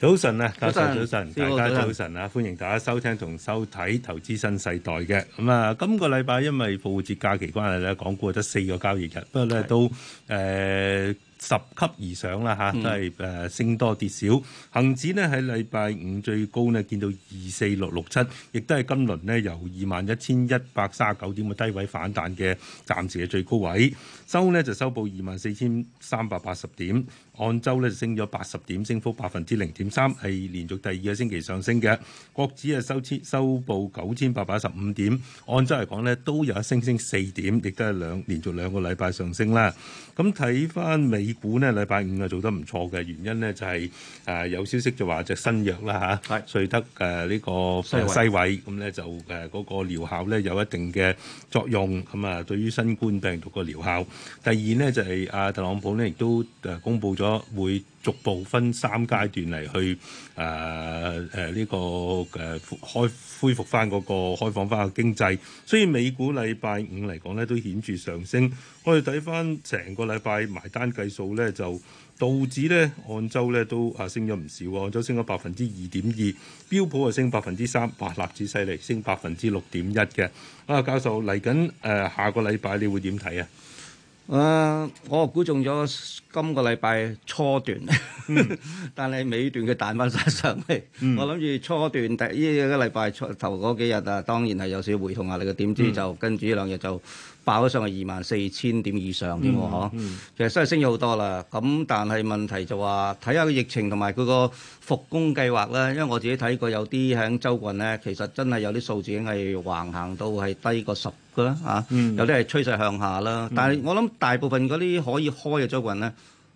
早晨啊，早晨，早晨，大家早晨啊！上歡迎大家收聽同收睇《投資新世代》嘅咁啊！今個禮拜因為復活節假期關係咧，港股得四個交易日，不過咧都誒、呃、拾級而上啦嚇，都係誒升多跌少。恒指呢，喺禮拜五最高呢見到二四六六七，亦都係今輪呢由二萬一千一百三十九點嘅低位反彈嘅暫時嘅最高位。周呢就收報二萬四千三百八十點，按周呢就升咗八十點，升幅百分之零點三，係連續第二個星期上升嘅。國指啊收收報九千八百十五點，按周嚟講呢都有一升升四點，亦都係兩連續兩個禮拜上升啦。咁睇翻美股呢禮拜五啊做得唔錯嘅原因呢，就係、是、誒有消息就話隻新藥啦嚇，瑞的德誒呢、這個西韋咁呢，就誒嗰、那個療效呢有一定嘅作用，咁啊對於新冠病毒個療效。第二呢，就係啊，特朗普呢，亦都誒公佈咗會逐步分三階段嚟去誒誒呢個誒開恢復翻嗰個開放翻個經濟，所以美股禮拜五嚟講呢，都顯著上升。我哋睇翻成個禮拜埋單計數呢，就道指呢按週呢，都升咗唔少喎，按週升咗百分之二點二，標普啊升百分之三，百，納指犀利，升百分之六點一嘅。啊，教授嚟緊誒下個禮拜，你會點睇啊？誒，uh, 我估中咗今個禮拜初段，mm. 但係尾段佢彈翻晒上嚟。Mm. 我諗住初段第，第依個禮拜初頭嗰幾日啊，當然係有少少回頭壓力嘅，點知，就跟住呢兩日就。Mm. 爆咗上去二萬四千點以上嘅喎，嚇、嗯，嗯、其實真係升咗好多啦。咁但係問題就話睇下個疫情同埋佢個復工計劃啦。因為我自己睇過有啲喺週運咧，其實真係有啲數字已經係橫行到係低過十㗎啦，嚇、嗯啊。有啲係趨勢向下啦。但係我諗大部分嗰啲可以開嘅週運咧。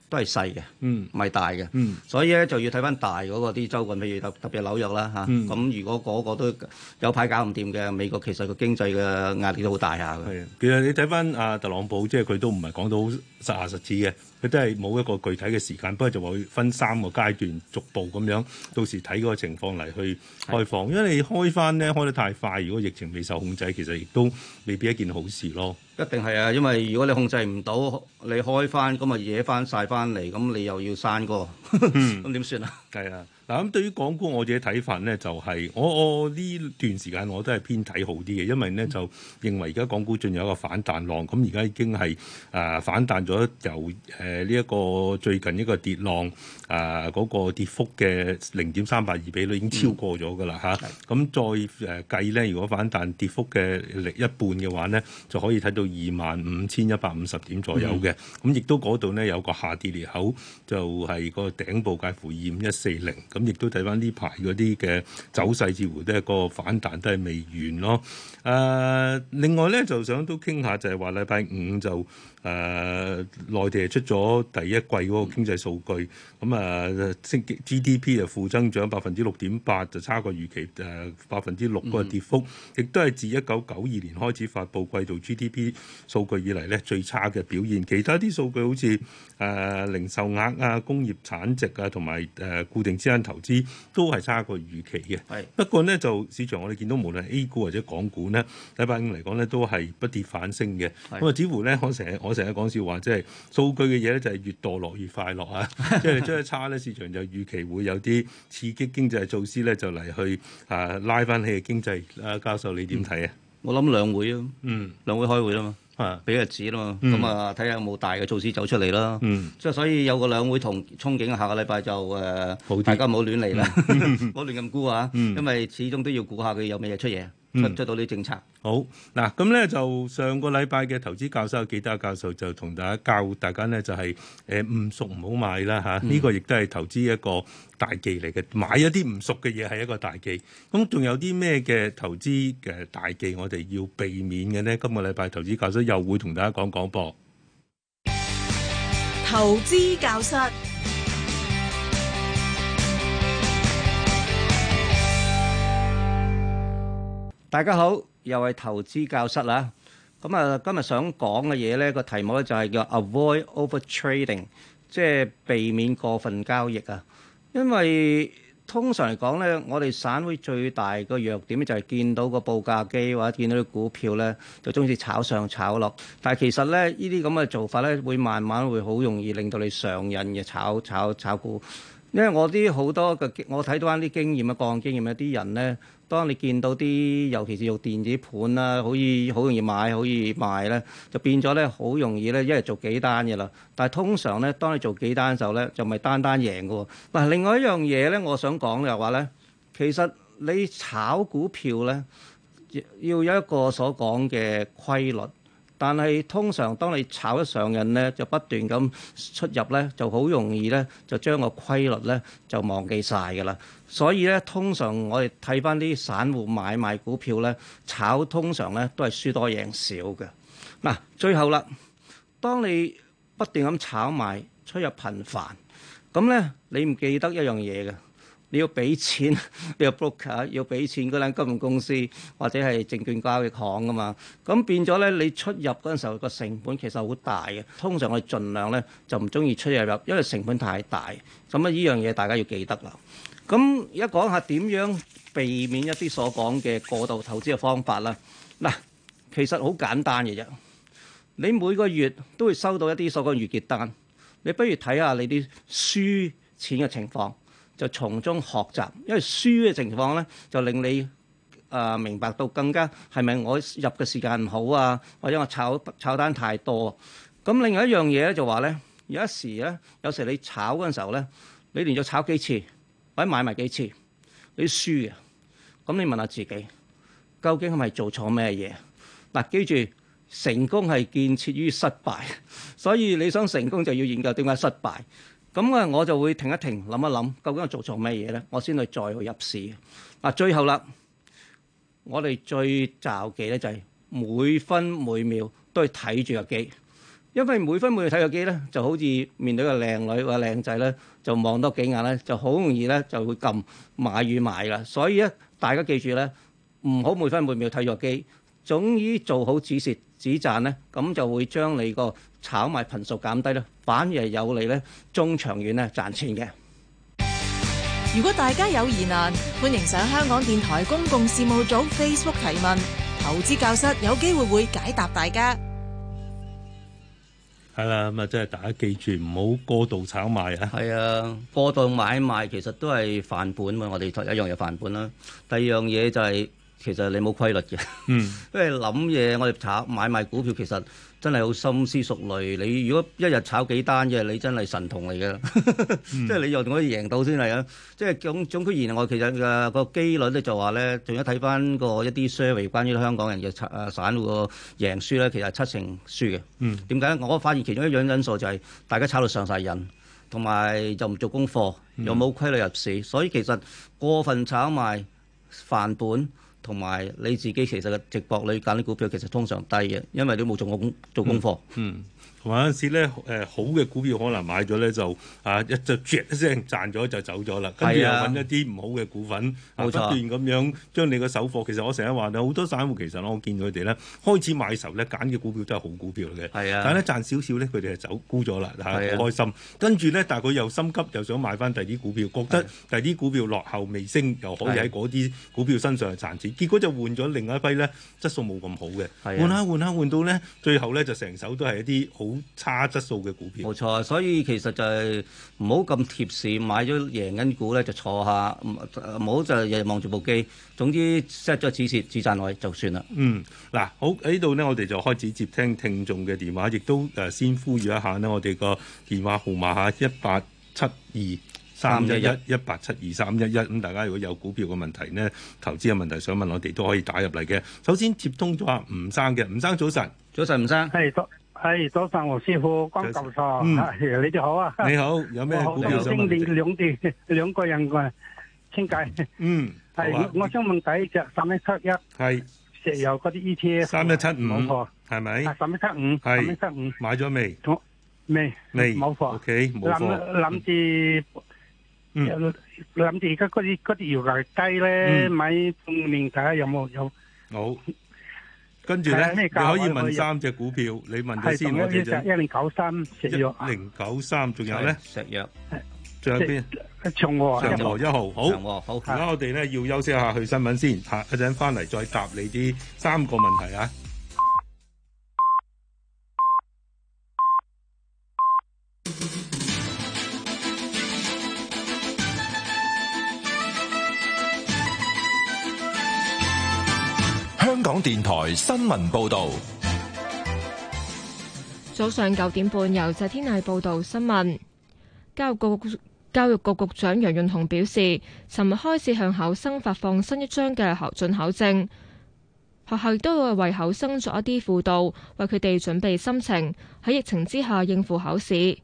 都係細嘅，唔係、嗯、大嘅，嗯、所以咧就要睇翻大嗰個啲州郡，譬如特特別紐約啦嚇。咁、啊嗯、如果個個都有排搞唔掂嘅，美國其實個經濟嘅壓力都好大下嘅。係啊，其實你睇翻阿特朗普，即係佢都唔係講到實牙實齒嘅，佢都係冇一個具體嘅時間，不過就話分三個階段逐步咁樣，到時睇嗰個情況嚟去開放。的因為你開翻呢，開得太快，如果疫情未受控制，其實亦都未必一件好事咯。一定係啊，因為如果你控制唔到，你開翻咁啊，惹翻晒翻嚟，咁你又要刪歌，咁點算啊？係啊，嗱咁對於港股我自己睇法呢、就係，就係我我呢段時間我都係偏睇好啲嘅，因為呢就認為而家港股進入一個反彈浪，咁而家已經係啊、呃、反彈咗由誒呢一個最近一個跌浪。啊，嗰、那個跌幅嘅零點三八二比率已經超過咗㗎啦嚇，咁、嗯啊、再誒計咧，如果反彈跌幅嘅另一半嘅話咧，就可以睇到二萬五千一百五十點左右嘅，咁亦、嗯嗯、都嗰度咧有個下跌裂口，就係、是、個頂部介乎二五一四零，咁亦都睇翻呢排嗰啲嘅走勢，似乎都係個反彈都係未完咯。誒、啊，另外咧就想都傾下，就係、是、話禮拜五就誒、啊、內地係出咗第一季嗰個經濟數據，咁、嗯。嗯。啊，升 GDP 啊，負增長百分之六點八，就差過預期誒百分之六個跌幅，亦都係自一九九二年開始發佈季度 GDP 數據以嚟咧最差嘅表現。其他啲數據好似誒、呃、零售額啊、工業產值啊、同埋誒固定資產投資都係差過預期嘅。係。是不過呢，就市場我哋見到無論 A 股或者港股呢，禮拜五嚟講呢，都係不跌反升嘅。咁啊是，就似乎呢，我成日我成日講笑話，即係數據嘅嘢咧就係越墮落越快樂啊！即係即係。差咧，市場就預期會有啲刺激經濟措施咧，就嚟去啊拉翻起經濟。啊，教授你點睇啊？我諗兩會啊，嗯，兩會開會啊嘛，啊，俾日子啦嘛，咁啊睇下有冇大嘅措施走出嚟啦。嗯，即係所以有個兩會同憧憬下個禮拜就誒，呃、大家唔好亂嚟啦，唔好、嗯、 亂咁估啊，因為始終都要估下佢有咩嘢出嘢。出唔出到呢政策？好嗱，咁咧就上個禮拜嘅投資教室，記得教授就同大家教大家咧、就係，就係誒唔熟唔好買啦嚇。呢、呢個亦都係投資一個大忌嚟嘅，買一啲唔熟嘅嘢係一個大忌。咁仲有啲咩嘅投資嘅大忌，我哋要避免嘅呢？今個禮拜投資教室又會同大家講講噃。投資教室。大家好，又係投資教室啦。咁啊，今日想講嘅嘢呢個題目呢，就係叫 Avoid Overtrading，即係避免過分交易啊。因為通常嚟講呢，我哋散戶最大個弱點呢就係見到個報價機或者見到啲股票呢，就中意炒上炒落。但係其實呢，呢啲咁嘅做法呢，會慢慢會好容易令到你上癮嘅，炒炒炒股。因為我啲好多嘅，我睇到翻啲經驗啊，個人經驗啊，啲人咧，當你見到啲，尤其是用電子盤啦，可以好容易買，好易賣咧，就變咗咧，好容易咧，一日做幾單嘅啦。但係通常咧，當你做幾單時候咧，就唔係單單贏㗎。嗱，另外一樣嘢咧，我想講嘅係話咧，其實你炒股票咧，要有一個所講嘅規律。但係通常當你炒得上癮咧，就不斷咁出入咧，就好容易咧就將個規律咧就忘記晒㗎啦。所以咧，通常我哋睇翻啲散戶買賣股票咧，炒通常咧都係輸多贏少嘅。嗱、啊，最後啦，當你不斷咁炒賣出入頻繁，咁咧你唔記得一樣嘢嘅。你要俾錢你個 broker，要俾錢嗰間金融公司或者係證券交易行噶嘛？咁變咗咧，你出入嗰陣時候個成本其實好大嘅。通常我哋盡量咧就唔中意出入入，因為成本太大。咁啊，呢樣嘢大家要記得啦。咁而家講下點樣避免一啲所講嘅過度投資嘅方法啦。嗱，其實好簡單嘅啫。你每個月都會收到一啲所講嘅月結單，你不如睇下你啲輸錢嘅情況。就從中學習，因為輸嘅情況咧，就令你啊、呃、明白到更加係咪我入嘅時間唔好啊，或者我炒炒單太多。咁另外一樣嘢咧就話咧，有一時咧，有時你炒嗰陣時候咧，你連續炒幾次或者買埋幾次，你輸啊。咁你問下自己，究竟係咪做錯咩嘢？嗱，記住，成功係建設於失敗，所以你想成功就要研究點解失敗。咁啊，我就會停一停，諗一諗，究竟我做錯咩嘢咧？我先去再去入市。嗱，最後啦，我哋最罩忌咧就係每分每秒都要睇住個機，因為每分每秒睇個機咧，就好似面對個靚女或靚仔咧，就望多幾眼咧，就好容易咧就會撳買與賣啦。所以咧，大家記住咧，唔好每分每秒睇個機，總以做好指示。止賺呢，咁就會將你個炒賣頻數減低咧，反而係有利呢，中長遠咧賺錢嘅。如果大家有疑難，歡迎上香港電台公共事務組 Facebook 提問，投資教室有機會會解答大家。係啦，咁啊，即係大家記住唔好過度炒賣啊。係啊，過度買賣其實都係犯本喎。我哋第一樣嘢犯本啦，第二樣嘢就係、是。其實你冇規律嘅，因為諗嘢。我哋炒買賣股票，其實真係好深思熟慮。你如果一日炒幾單嘅，你真係神童嚟嘅，即係你又仲可以贏到先係啊！即係總總括而言，我其實嘅個機率咧就話咧，仲要睇翻個一啲 survey 關於香港人嘅散戶個贏輸咧，其實七成輸嘅。點解咧？我發現其中一樣因素就係大家炒到上曬癮，同埋就唔做功課，又冇規律入市，所以其實過分炒賣犯本。同埋你自己其實嘅直播，你揀啲股票其實通常低嘅，因為你冇做過功做功課。嗯。嗯嗰陣時咧，誒好嘅股票可能買咗咧，就啊一就啜一聲賺咗就走咗啦。跟住又揾一啲唔好嘅股份，不斷咁樣將你個手貨。其實我成日話咧，好多散戶其實我見佢哋咧開始買時候咧揀嘅股票都係好股票嚟嘅。係啊，但係咧賺少少咧，佢哋係走沽咗啦，嚇好開心。跟住咧，但係佢又心急又想買翻第二啲股票，覺得第二啲股票落後未升，又可以喺嗰啲股票身上係賺錢。結果就換咗另一批咧質素冇咁好嘅，換下換下換到咧最後咧就成手都係一啲好。差質素嘅股票，冇錯。所以其實就係唔好咁貼市買咗贏緊股咧，就坐下，唔好就日日望住部機。總之 set 咗止蝕止賺位就算啦。嗯，嗱，好喺度呢，我哋就開始接聽聽眾嘅電話，亦都誒先呼籲一下呢。我哋個電話號碼嚇一八七二三一一一八七二三一一。咁大家如果有股票嘅問題呢，投資嘅問題想問我哋都可以打入嚟嘅。首先接通咗阿吳生嘅，吳生早晨，早晨吳生，係。係早晨黃師傅、關焯照，你哋好啊！你好，有咩？我好中意傾掂兩對兩個人嘅傾偈。嗯，好啊。係我想問第一隻三一七一，係石油嗰啲 ETF。三一七五冇錯，係咪？啊，三一七五，三一七五，買咗未？冇，未，未冇貨。O K，冇貨。諗諗住，嗯，諗住而家嗰啲嗰啲油價低咧，買半年睇下有冇有。好。跟住咧，你可以問三隻股票，你問咗先，我哋就一零九三，石藥，一零九三。仲有咧，石藥，仲有邊？長和，長和一號。好，好。而家我哋咧要休息下，去新聞先，下一陣翻嚟再答你啲三個問題啊。香港電台新聞報道，早上九點半由謝天麗報道新聞。教育局教育局局長楊潤雄表示，尋日開始向考生發放新一張嘅準考證，學校亦都會為考生作一啲輔導，為佢哋準備心情喺疫情之下應付考試。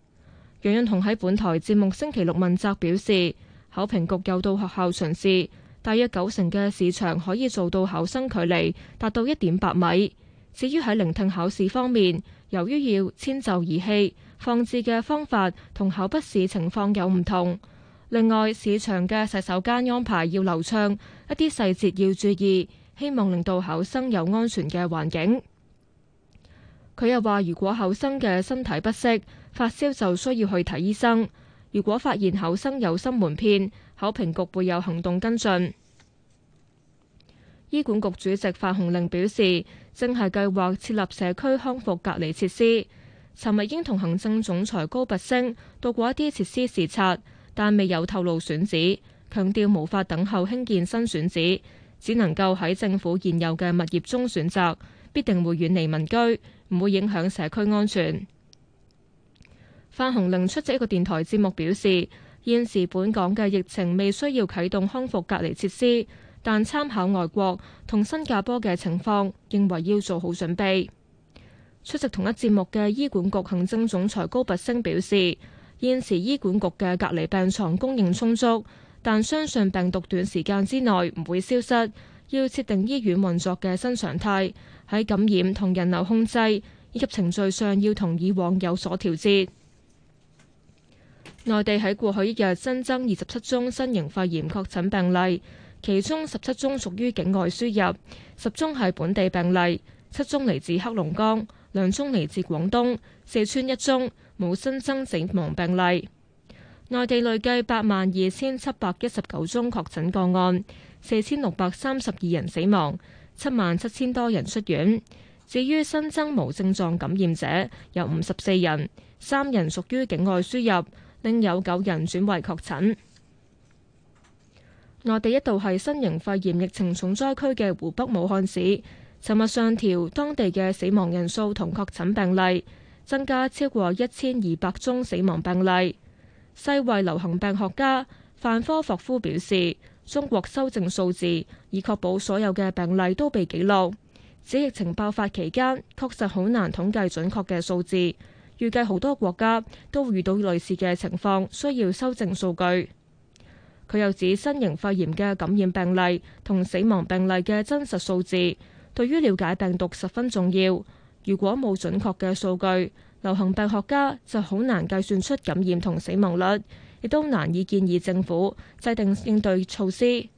楊潤雄喺本台節目星期六問責表示，考評局又到學校巡視。大約九成嘅市場可以做到考生距離達到一點八米。至於喺聆聽考試方面，由於要遷就儀器放置嘅方法，同考筆試情況有唔同。另外，市場嘅洗手間安排要流暢，一啲細節要注意，希望令到考生有安全嘅環境。佢又話，如果考生嘅身體不適、發燒，就需要去睇醫生。如果發現考生有心瞞騙，考評局會有行動跟進。醫管局主席范鴻齡表示，正係計劃設立社區康復隔離設施。尋日已同行政總裁高拔升到過一啲設施視察，但未有透露選址。強調無法等候興建新選址，只能夠喺政府現有嘅物業中選擇，必定會遠離民居，唔會影響社區安全。范鴻齡出席一個電台節目表示。現時本港嘅疫情未需要啟動康復隔離設施，但參考外國同新加坡嘅情況，認為要做好準備。出席同一節目嘅醫管局行政總裁高拔陞表示，現時醫管局嘅隔離病床供應充足，但相信病毒短時間之內唔會消失，要設定醫院運作嘅新常態，喺感染同人流控制，以及程序上要同以往有所調節。內地喺過去一日新增二十七宗新型肺炎確診病例，其中十七宗屬於境外輸入，十宗係本地病例，七宗嚟自黑龍江，兩宗嚟自廣東，四川一宗，冇新增死亡病例。內地累計八萬二千七百一十九宗確診個案，四千六百三十二人死亡，七萬七千多人出院。至於新增無症狀感染者，有五十四人，三人屬於境外輸入。另有九人轉為確診。內地一度係新型肺炎疫情重災區嘅湖北武漢市，尋日上調當地嘅死亡人數同確診病例，增加超過一千二百宗死亡病例。世衛流行病學家范科霍夫表示，中國修正數字，以確保所有嘅病例都被記錄。指疫情爆發期間，確實好難統計準確嘅數字。預計好多國家都會遇到類似嘅情況，需要修正數據。佢又指新型肺炎嘅感染病例同死亡病例嘅真實數字，對於了解病毒十分重要。如果冇準確嘅數據，流行病學家就好難計算出感染同死亡率，亦都難以建議政府制定應對措施。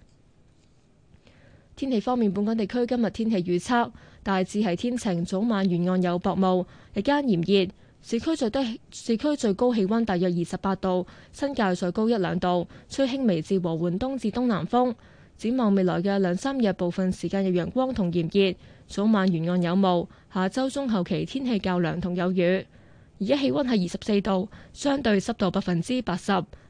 天氣方面，本港地區今日天，天氣預測大致係天晴，早晚沿岸有薄霧，日間炎熱。市區最低、市區最高氣温大約二十八度，新界再高一兩度，吹輕微至和緩東至東南風。展望未來嘅兩三日，部分時間有陽光同炎熱，早晚沿岸有霧。下周中後期天氣較涼同有雨。而家氣温係二十四度，相對濕度百分之八十。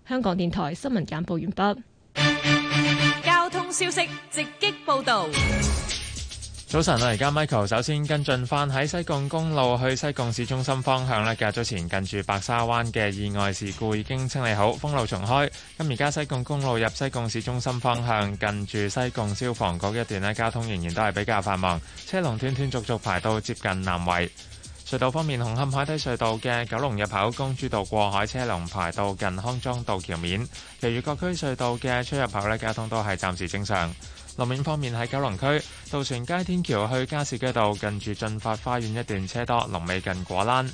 香港電台新聞簡報完畢。交通消息直擊報導。早晨啦！而家 Michael 首先跟進翻喺西貢公路去西貢市中心方向咧，較早前近住白沙灣嘅意外事故已經清理好，封路重開。咁而家西貢公路入西貢市中心方向近住西貢消防局一段咧，交通仍然都係比較繁忙，車龍斷斷續續排到接近南圍隧道方面，紅磡海底隧道嘅九龍入口公主道過海車龍排到近康莊道橋面，其餘各區隧道嘅出入口咧，交通都係暫時正常。路面方面喺九龍區渡船街天橋去加士居道近住駿發花園一段車多，龍尾近果欄。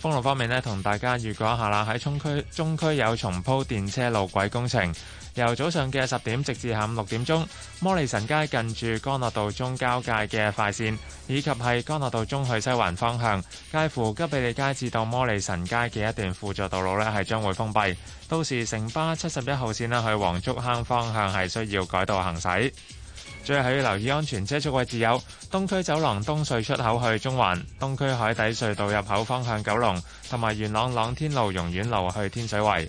公路方面呢，同大家預告一下啦，喺中區中區有重鋪電車路軌工程。由早上嘅十點直至下午六點鐘，摩利臣街近住干諾道中交界嘅快線，以及係干諾道中去西環方向，介乎急庇利街至到摩利臣街嘅一段輔助道路呢係將會封閉。到時城巴七十一號線呢去黃竹坑方向係需要改道行駛。最後要留意安全車速位置有：東區走廊東隧出口去中環、東區海底隧道入口方向九龍，同埋元朗朗天路榕苑路去天水圍。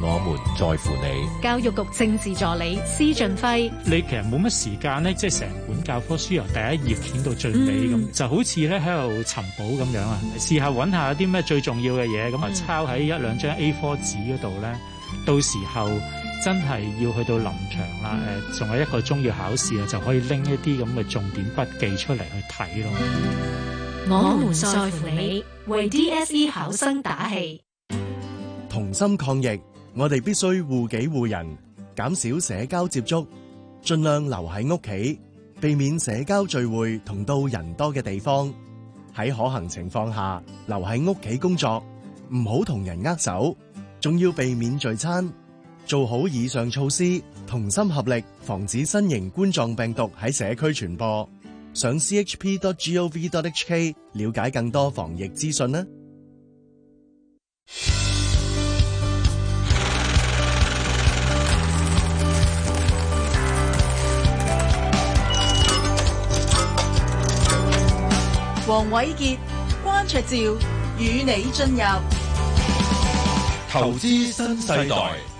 我們在乎你，教育局政治助理施俊輝，你其實冇乜時間咧，即係成本教科書由第一頁捲到最尾咁，嗯、就好似咧喺度尋寶咁樣啊！試、嗯、下揾下啲咩最重要嘅嘢，咁啊抄喺一兩張 A4 紙嗰度咧，到時候真係要去到臨場啦，誒、嗯，仲有一個鐘要考試啊，嗯、就可以拎一啲咁嘅重點筆記出嚟去睇咯。我們在乎你，為 DSE 考生打氣，同心抗疫。我哋必須護己護人，減少社交接觸，盡量留喺屋企，避免社交聚會同到人多嘅地方。喺可行情況下，留喺屋企工作，唔好同人握手，仲要避免聚餐。做好以上措施，同心合力，防止新型冠狀病毒喺社區傳播。上 chp.gov.hk 了解更多防疫資訊啦。黃瑋傑、關焯照與你進入投資新世代。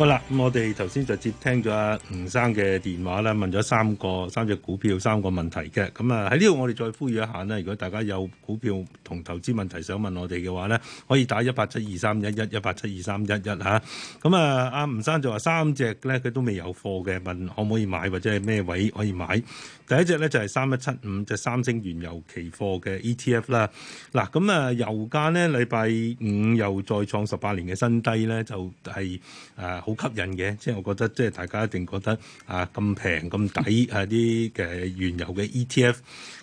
好啦，咁我哋頭先就接聽咗阿吳生嘅電話咧，問咗三個三隻股票三個問題嘅，咁啊喺呢度我哋再呼籲一下咧，如果大家有股票同投資問題想問我哋嘅話咧，可以打一八七二三一一一八七二三一一吓，咁啊阿吳生就話三隻呢，佢都未有貨嘅，問可唔可以買或者係咩位可以買？第一隻呢，就係三一七五，即係三星原油期貨嘅 ETF 啦。嗱，咁啊油價呢，禮拜五又再創十八年嘅新低呢，就係誒。好吸引嘅，即係我覺得，即係大家一定覺得啊，咁平咁抵啊啲嘅原油嘅 ETF。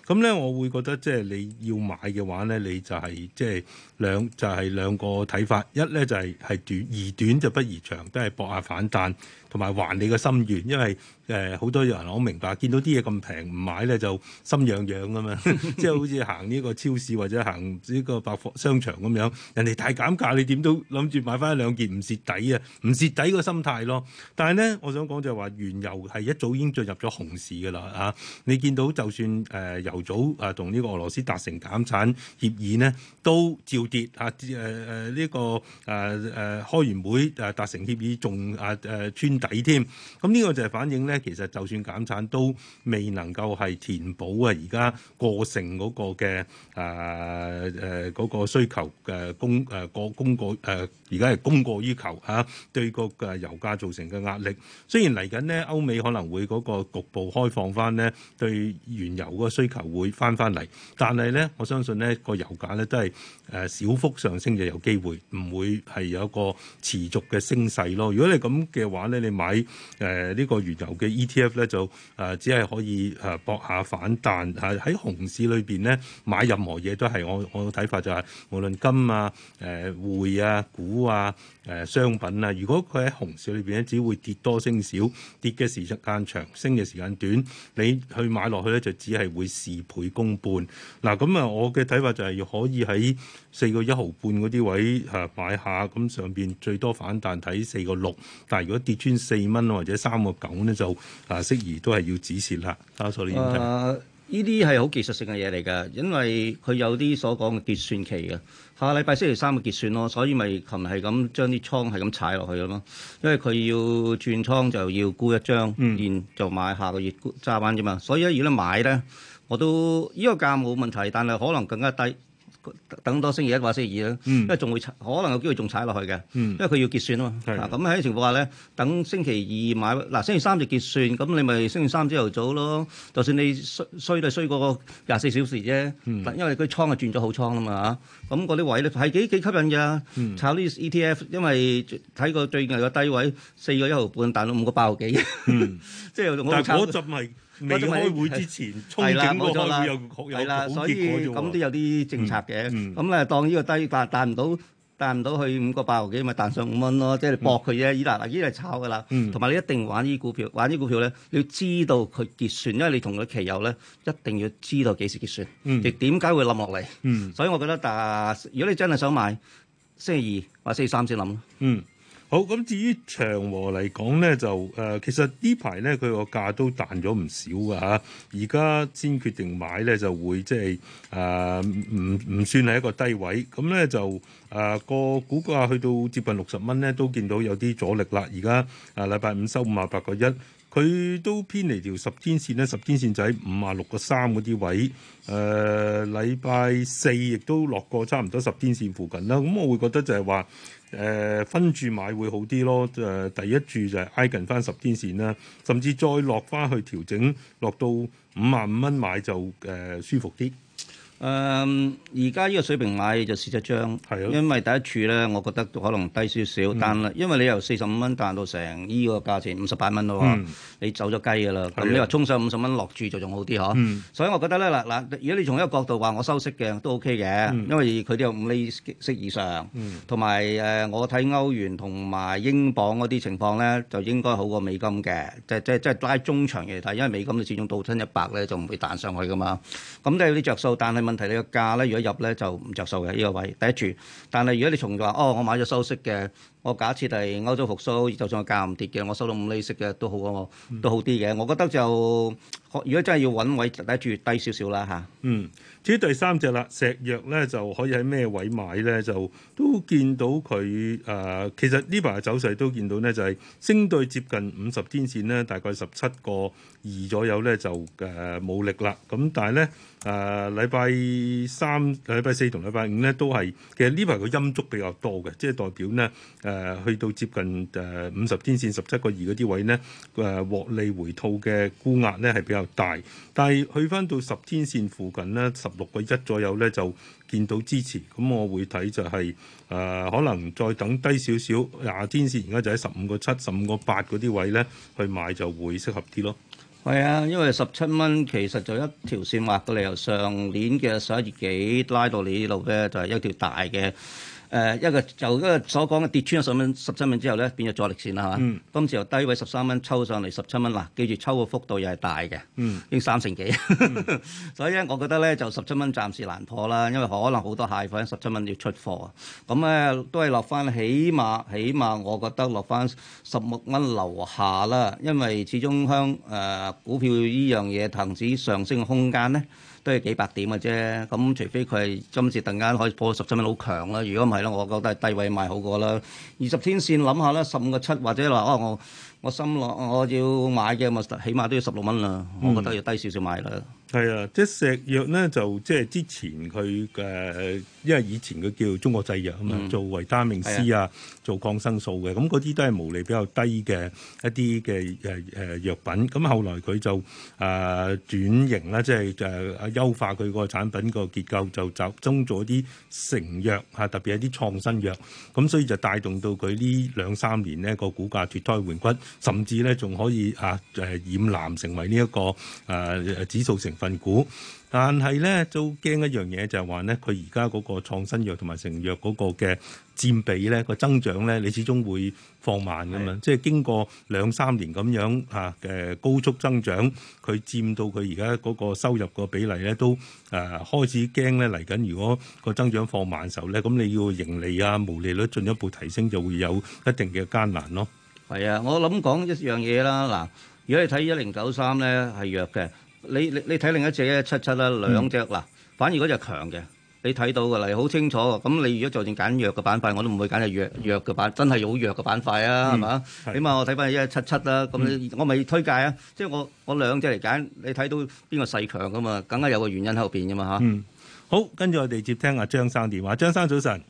咁咧，我會覺得即係你要買嘅話咧，你就係即係兩就係兩個睇法。一咧就係宜短，宜短就不宜長，都係博下反彈同埋還你個心願，因為。誒好、呃、多有人我明白，見到啲嘢咁平唔買咧就心癢癢㗎嘛， 即係好似行呢個超市或者行呢個百貨商場咁樣，人哋大減價你點都諗住買翻一兩件唔蝕底啊，唔蝕底個心態咯。但係咧，我想講就係話原油係一早已經進入咗熊市噶啦吓，你見到就算誒、呃、油早啊油組同呢個俄羅斯達成減產協議咧，都照跌啊誒誒呢個誒誒、啊 uh, 開完會誒達成協議仲誒誒穿底添。咁呢個就係反映咧。其實就算減產都未能夠係填補啊！而家過剩嗰個嘅誒誒個需求嘅供誒過、呃、供過誒，而家係供過於求吓，對個誒油價造成嘅壓力。雖然嚟緊咧歐美可能會嗰個局部開放翻咧，對原油嗰個需求會翻翻嚟，但係咧我相信咧個油價咧都係誒小幅上升就有機會，唔會係有一個持續嘅升勢咯。如果你咁嘅話咧，你買誒呢、呃這個原油嘅。E.T.F 咧就誒只係可以誒搏下反彈，喺喺熊市裏邊咧，買任何嘢都係，我我嘅睇法就係、是、無論金啊、誒匯啊、股啊。誒商品啊！如果佢喺熊市裏邊咧，只會跌多升少，跌嘅時間長，升嘅時間短。你去買落去咧，就只係會事倍功半。嗱，咁啊，我嘅睇法就係要可以喺四個一毫半嗰啲位誒買下，咁上邊最多反彈睇四個六。但係如果跌穿四蚊或者三個九呢，就啊適宜都係要止蝕啦。多數呢啲，誒，呢啲係好技術性嘅嘢嚟㗎，因為佢有啲所講嘅結算期嘅。下個禮拜星期三咪結算咯，所以咪琴日係咁將啲倉係咁踩落去咯，因為佢要轉倉就要沽一張，嗯、然後就買下個月揸翻啫嘛。所以如果買咧，我都呢、呢個價冇問題，但係可能更加低。等多星期一或者星期二啦，嗯、因為仲會踩，可能有機會仲踩落去嘅，嗯、因為佢要結算啊嘛。咁喺是的、啊、情況下咧，等星期二買，嗱、啊、星期三就結算，咁你咪星期三朝頭早咯。就算你衰都衰，衰，衰過廿四小時啫，嗯、因為佢倉啊轉咗好倉啦嘛嚇。咁嗰啲位咧係幾幾吸引嘅，嗯、炒啲 ETF，因為睇過最近個低位四個一毫半，5，但係五個八毫幾，即係 我我就唔未開會之前，憧憬個開會有有好結果啫喎。咁都有啲政策嘅，咁啊當呢個低價彈唔到，彈唔到去五個八毫幾，咪彈上五蚊咯。即係搏佢啫，依嗱嗱啲係炒㗎啦。同埋你一定玩呢啲股票，玩呢啲股票咧，你要知道佢結算，因為你同個期友咧一定要知道幾時結算，亦點解會冧落嚟。所以我覺得，但如果你真係想買，星期二或星期三先諗咯。好咁，至於長和嚟講咧，就誒、呃、其實呢排咧佢個價都彈咗唔少㗎嚇、啊，而家先決定買咧就會即係誒唔唔算係一個低位，咁咧就誒個、呃、股價去到接近六十蚊咧，都見到有啲阻力啦。而家誒禮拜五收五十八個一，佢都偏離條十天線咧，十天線喺五啊六個三嗰啲位，誒禮拜四亦都落過差唔多十天線附近啦。咁我會覺得就係話。誒、呃、分注買會好啲咯，誒、呃、第一注就挨近翻十天線啦，甚至再落翻去調整，落到五萬五蚊買就誒、呃、舒服啲。誒而家呢個水平買就試咗張，的因為第一注咧，我覺得可能低少少，嗯、但係因為你由四十五蚊彈到成依個價錢五十八蚊咯，你走咗雞㗎啦。咁的、嗯、你話衝上五十蚊落注就仲好啲呵，嗯、所以我覺得咧嗱嗱，如果你從一個角度話我收息嘅都 OK 嘅，嗯、因為佢都有五厘息以上，同埋誒我睇歐元同埋英鎊嗰啲情況咧，就應該好過美金嘅，即係即係即係拉中長嘅，睇，因為美金你始終倒親一百咧就唔會彈上去㗎嘛，咁都有啲着數，但係。問題你個價咧，如果入咧就唔着數嘅呢個位，第一住。但係如果你從話哦，我買咗收息嘅，我假設係歐洲復甦，就算我價唔跌嘅，我收到五厘息嘅都好，都好啲嘅。我覺得就，如果真係要揾位第一住低少少啦嚇。嗯，至於第三隻啦，石藥咧就可以喺咩位買咧？就都見到佢誒、呃，其實呢排走勢都見到咧，就係升對接近五十天線咧，大概十七個二左右咧就誒冇、呃、力啦。咁但係咧誒，禮、呃、拜三、禮拜四同禮拜五咧都係其實呢排個陰燭比較多嘅，即、就、係、是、代表咧誒、呃、去到接近誒五十天線十七個二嗰啲位咧誒獲利回吐嘅沽壓咧係比較大。但係去翻到十天線附近咧，十六個一左右咧就見到支持。咁我會睇就係、是、誒、呃、可能再等低少少廿天線，而家就喺十五個七、十五個八嗰啲位咧去買就會適合啲咯。係啊，因為十七蚊其實就一條線畫過嚟，由上年嘅十一月幾拉到你呢度呢，就係一條大嘅。誒、呃、一個就一個所講嘅跌穿咗十蚊、十七蚊之後咧，變咗阻力線啦，係嘛？嗯、今次由低位十三蚊抽上嚟十七蚊，嗱，記住抽嘅幅度又係大嘅，嗯、已經三成幾。 所以咧，我覺得咧就十七蚊暫時難破啦，因為可能好多蟹粉十七蚊要出貨啊。咁咧都係落翻，起碼起碼我覺得落翻十六蚊樓下啦，因為始終香誒股票依樣嘢騰止上升嘅空間咧。都係幾百點嘅啫，咁除非佢今次突然間可以破十七蚊好強啦。如果唔係咧，我覺得係低位買好過啦。二十天線諗下啦，十五個七或者話哦、啊，我我心諗我要買嘅，咪起碼都要十六蚊啦。我覺得要低少少買啦。嗯係啊，即係石藥咧，就即係之前佢誒，因為以前佢叫中國製藥啊嘛，做維他命 C 啊，做抗生素嘅，咁嗰啲都係毛利比較低嘅一啲嘅誒誒藥品。咁後來佢就啊、呃、轉型啦，即係誒優化佢個產品個結構，就集中咗啲成藥嚇，特別係啲創新藥。咁所以就帶動到佢呢兩三年呢個股價脱胎換骨，甚至咧仲可以嚇誒、呃、染藍成為呢、這、一個誒指數成份股，但係咧都驚一樣嘢，就係話咧佢而家嗰個創新藥同埋成藥嗰個嘅佔比咧個增長咧，你始終會放慢㗎嘛。即係經過兩三年咁樣嚇嘅高速增長，佢佔到佢而家嗰個收入個比例咧，都誒開始驚咧嚟緊。如果個增長放慢嘅時候咧，咁你要盈利啊毛利率進一步提升，就會有一定嘅艱難咯。係啊，我諗講一樣嘢啦。嗱，如果你睇一零九三咧係弱嘅。你你你睇另一隻一七七啦，兩隻嗱，反而嗰隻強嘅，你睇到噶啦，好清楚嘅。咁你如果就算揀弱嘅板塊，我都唔會揀係弱弱嘅板，真係好弱嘅板塊啊，係嘛？起碼我睇翻一七七啦，咁你我咪推介啊。即係我我兩隻嚟揀，你睇到邊個勢強㗎嘛？梗係有個原因後邊㗎嘛嚇。嗯，好，跟住我哋接聽阿張生電話。張生早晨，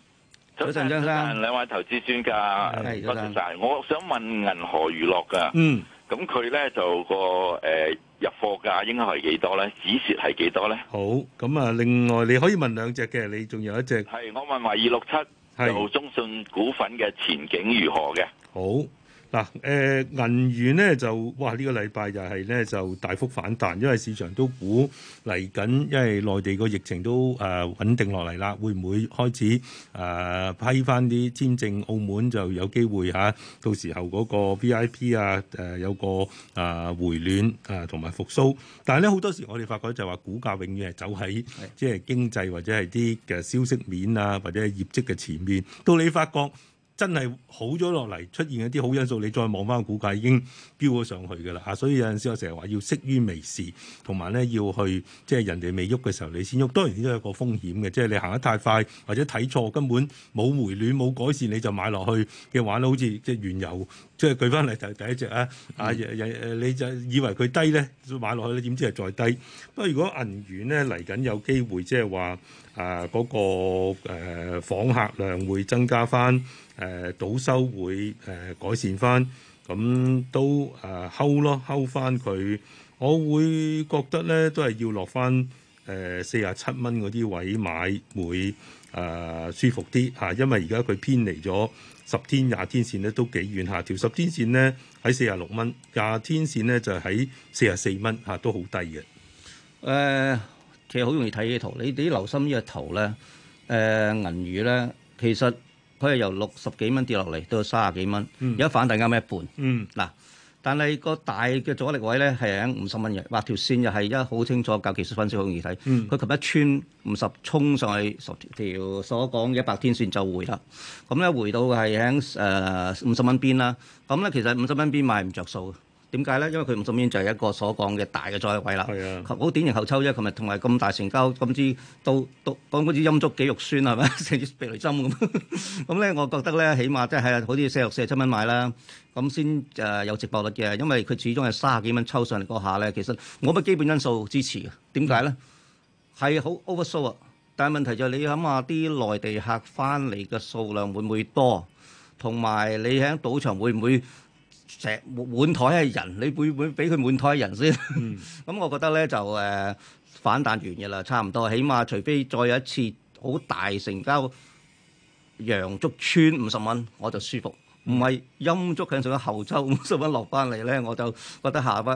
早晨張生，兩位投資專家，多謝曬。我想問銀河娛樂噶。嗯。咁佢咧就個誒、呃、入貨價應該係幾多咧？止蝕係幾多咧？好，咁啊，另外你可以問兩隻嘅，你仲有一隻係我問埋二六七，就中信股份嘅前景如何嘅？好。嗱，誒、呃、銀元咧就哇、這個、禮呢個禮拜就係咧就大幅反彈，因為市場都估嚟緊，因為內地個疫情都誒、呃、穩定落嚟啦，會唔會開始誒、呃、批翻啲簽證？澳門就有機會嚇、啊，到時候嗰個 V I P 啊誒、呃、有個誒、呃、回暖啊同埋復甦。但係咧好多時我哋發覺就係話股價永遠係走喺即係經濟或者係啲嘅消息面啊或者係業績嘅前面，到你發覺。真係好咗落嚟，出現一啲好因素，你再望翻個股價已經飆咗上去嘅啦。啊，所以有陣時我成日話要適於微市，同埋咧要去即係人哋未喐嘅時候，你先喐。當然都有個風險嘅，即係你行得太快或者睇錯，根本冇回暖冇改善，你就買落去嘅話咧好似即係原油，即係舉翻嚟就第一隻啊！啊，誒、嗯、你就以為佢低咧，就買落去咧，點知係再低。不過如果銀元咧嚟緊有機會，即係話啊嗰個誒、呃、訪客量會增加翻。誒倒、啊、收會誒改善翻，咁、嗯、都誒睺咯，睺翻佢。我會覺得咧，都係要落翻誒四十七蚊嗰啲位買會誒、啊、舒服啲嚇、啊，因為而家佢偏離咗十天廿天線咧都幾遠嚇、啊，條十天線呢喺四十六蚊，廿天線呢就喺四十四蚊嚇，都好低嘅。誒、呃，其實好容易睇嘅圖，你哋留心、呃、呢個圖咧，誒銀魚咧，其實。佢係由六十幾蚊跌落嚟到三十幾蚊，而家、嗯、反彈啱一半。嗱、嗯，但係個大嘅阻力位咧係喺五十蚊入，畫條線又係一好清楚，教技術分析好容易睇。佢琴日、嗯、一穿五十，衝上去十條所講嘅一百天線就回啦。咁咧回到係喺誒五十蚊邊啦。咁咧其實五十蚊邊賣唔着數。點解咧？因為佢唔咁遠，就係一個所講嘅大嘅災害位啦。係啊，好典型後抽啫。琴日同埋咁大成交，咁之到到講嗰支陰燭幾肉酸係咪？四支避雷針咁。咁咧，我覺得咧，起碼即係好似四六四七蚊買啦，咁先誒有值博率嘅。因為佢始終係三十幾蚊抽上嚟嗰下咧，其實我覺得基本因素支持嘅。點解咧？係好 oversold 啊！但係問題就係你諗下啲內地客翻嚟嘅數量會唔會多？同埋你喺賭場會唔會？成滿枱係人，你會會俾佢滿枱人先。咁、嗯、 我覺得咧就誒、呃、反彈完嘅啦，差唔多。起碼除非再有一次好大成交，陽燭穿五十蚊，我就舒服。唔係、嗯、陰燭向上嘅後週五十蚊落翻嚟咧，我就覺得下巴，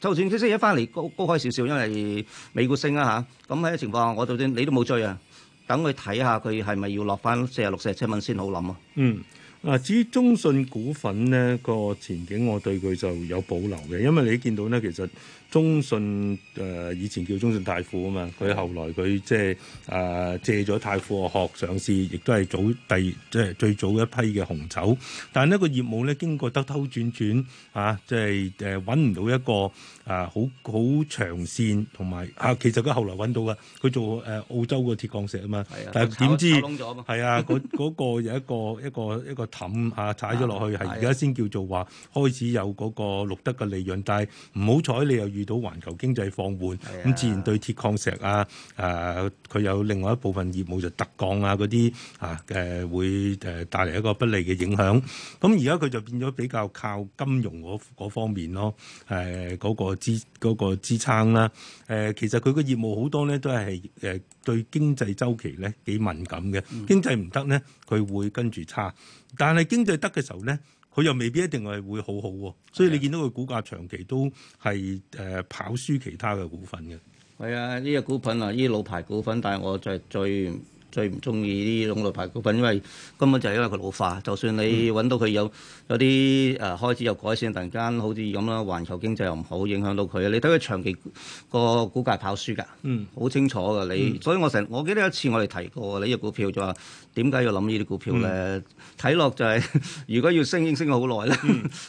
就算。即係一翻嚟高高開少少，因為美股升啊嚇。咁喺情況下，我就算你都冇追他看看他啊，等佢睇下佢係咪要落翻四十六、四十七蚊先好諗啊。嗯。嗱，至於中信股份咧，個前景，我對佢就有保留嘅，因為你見到咧，其實。中信誒、呃、以前叫中信泰富啊嘛，佢後來佢即係誒借咗泰富學上市，亦都係早第即係最早一批嘅紅籌。但係呢個業務咧，經過兜兜轉轉啊，即係誒揾唔到一個啊好好長線同埋啊。其實佢後來揾到嘅，佢做誒澳洲嘅鐵礦石啊嘛。係 啊，但係點知係啊，嗰嗰個有一個一個一個氹啊踩咗落去，係而家先叫做話開始有嗰個錄得嘅利潤，但係唔好彩你又到環球經濟放緩，咁自然對鐵礦石啊，誒、啊，佢有另外一部分業務就特鋼啊，嗰啲啊，誒、啊、會誒帶嚟一個不利嘅影響。咁而家佢就變咗比較靠金融嗰方面咯，誒、啊、嗰、那個支嗰、那個、支撐啦、啊。誒、啊，其實佢個業務好多咧，都係誒對經濟周期咧幾敏感嘅。經濟唔得咧，佢會跟住差。但係經濟得嘅時候咧，佢又未必一定係會好好喎，所以你見到佢股價長期都係誒、呃、跑輸其他嘅股份嘅。係啊，呢隻股份啊，呢啲老牌股份，但係我就係最。最最唔中意啲老老牌股份，因為根本就係因為佢老化。就算你揾到佢有有啲誒開始有改善，突然間好似咁啦，環球經濟又唔好，影響到佢啊！你睇佢長期股個股價跑輸㗎，嗯，好清楚㗎。你、嗯、所以我成我記得有一次我哋提過你隻股票，就話點解要諗呢啲股票咧？睇落、嗯、就係、是、如果要升，升，升好耐啦。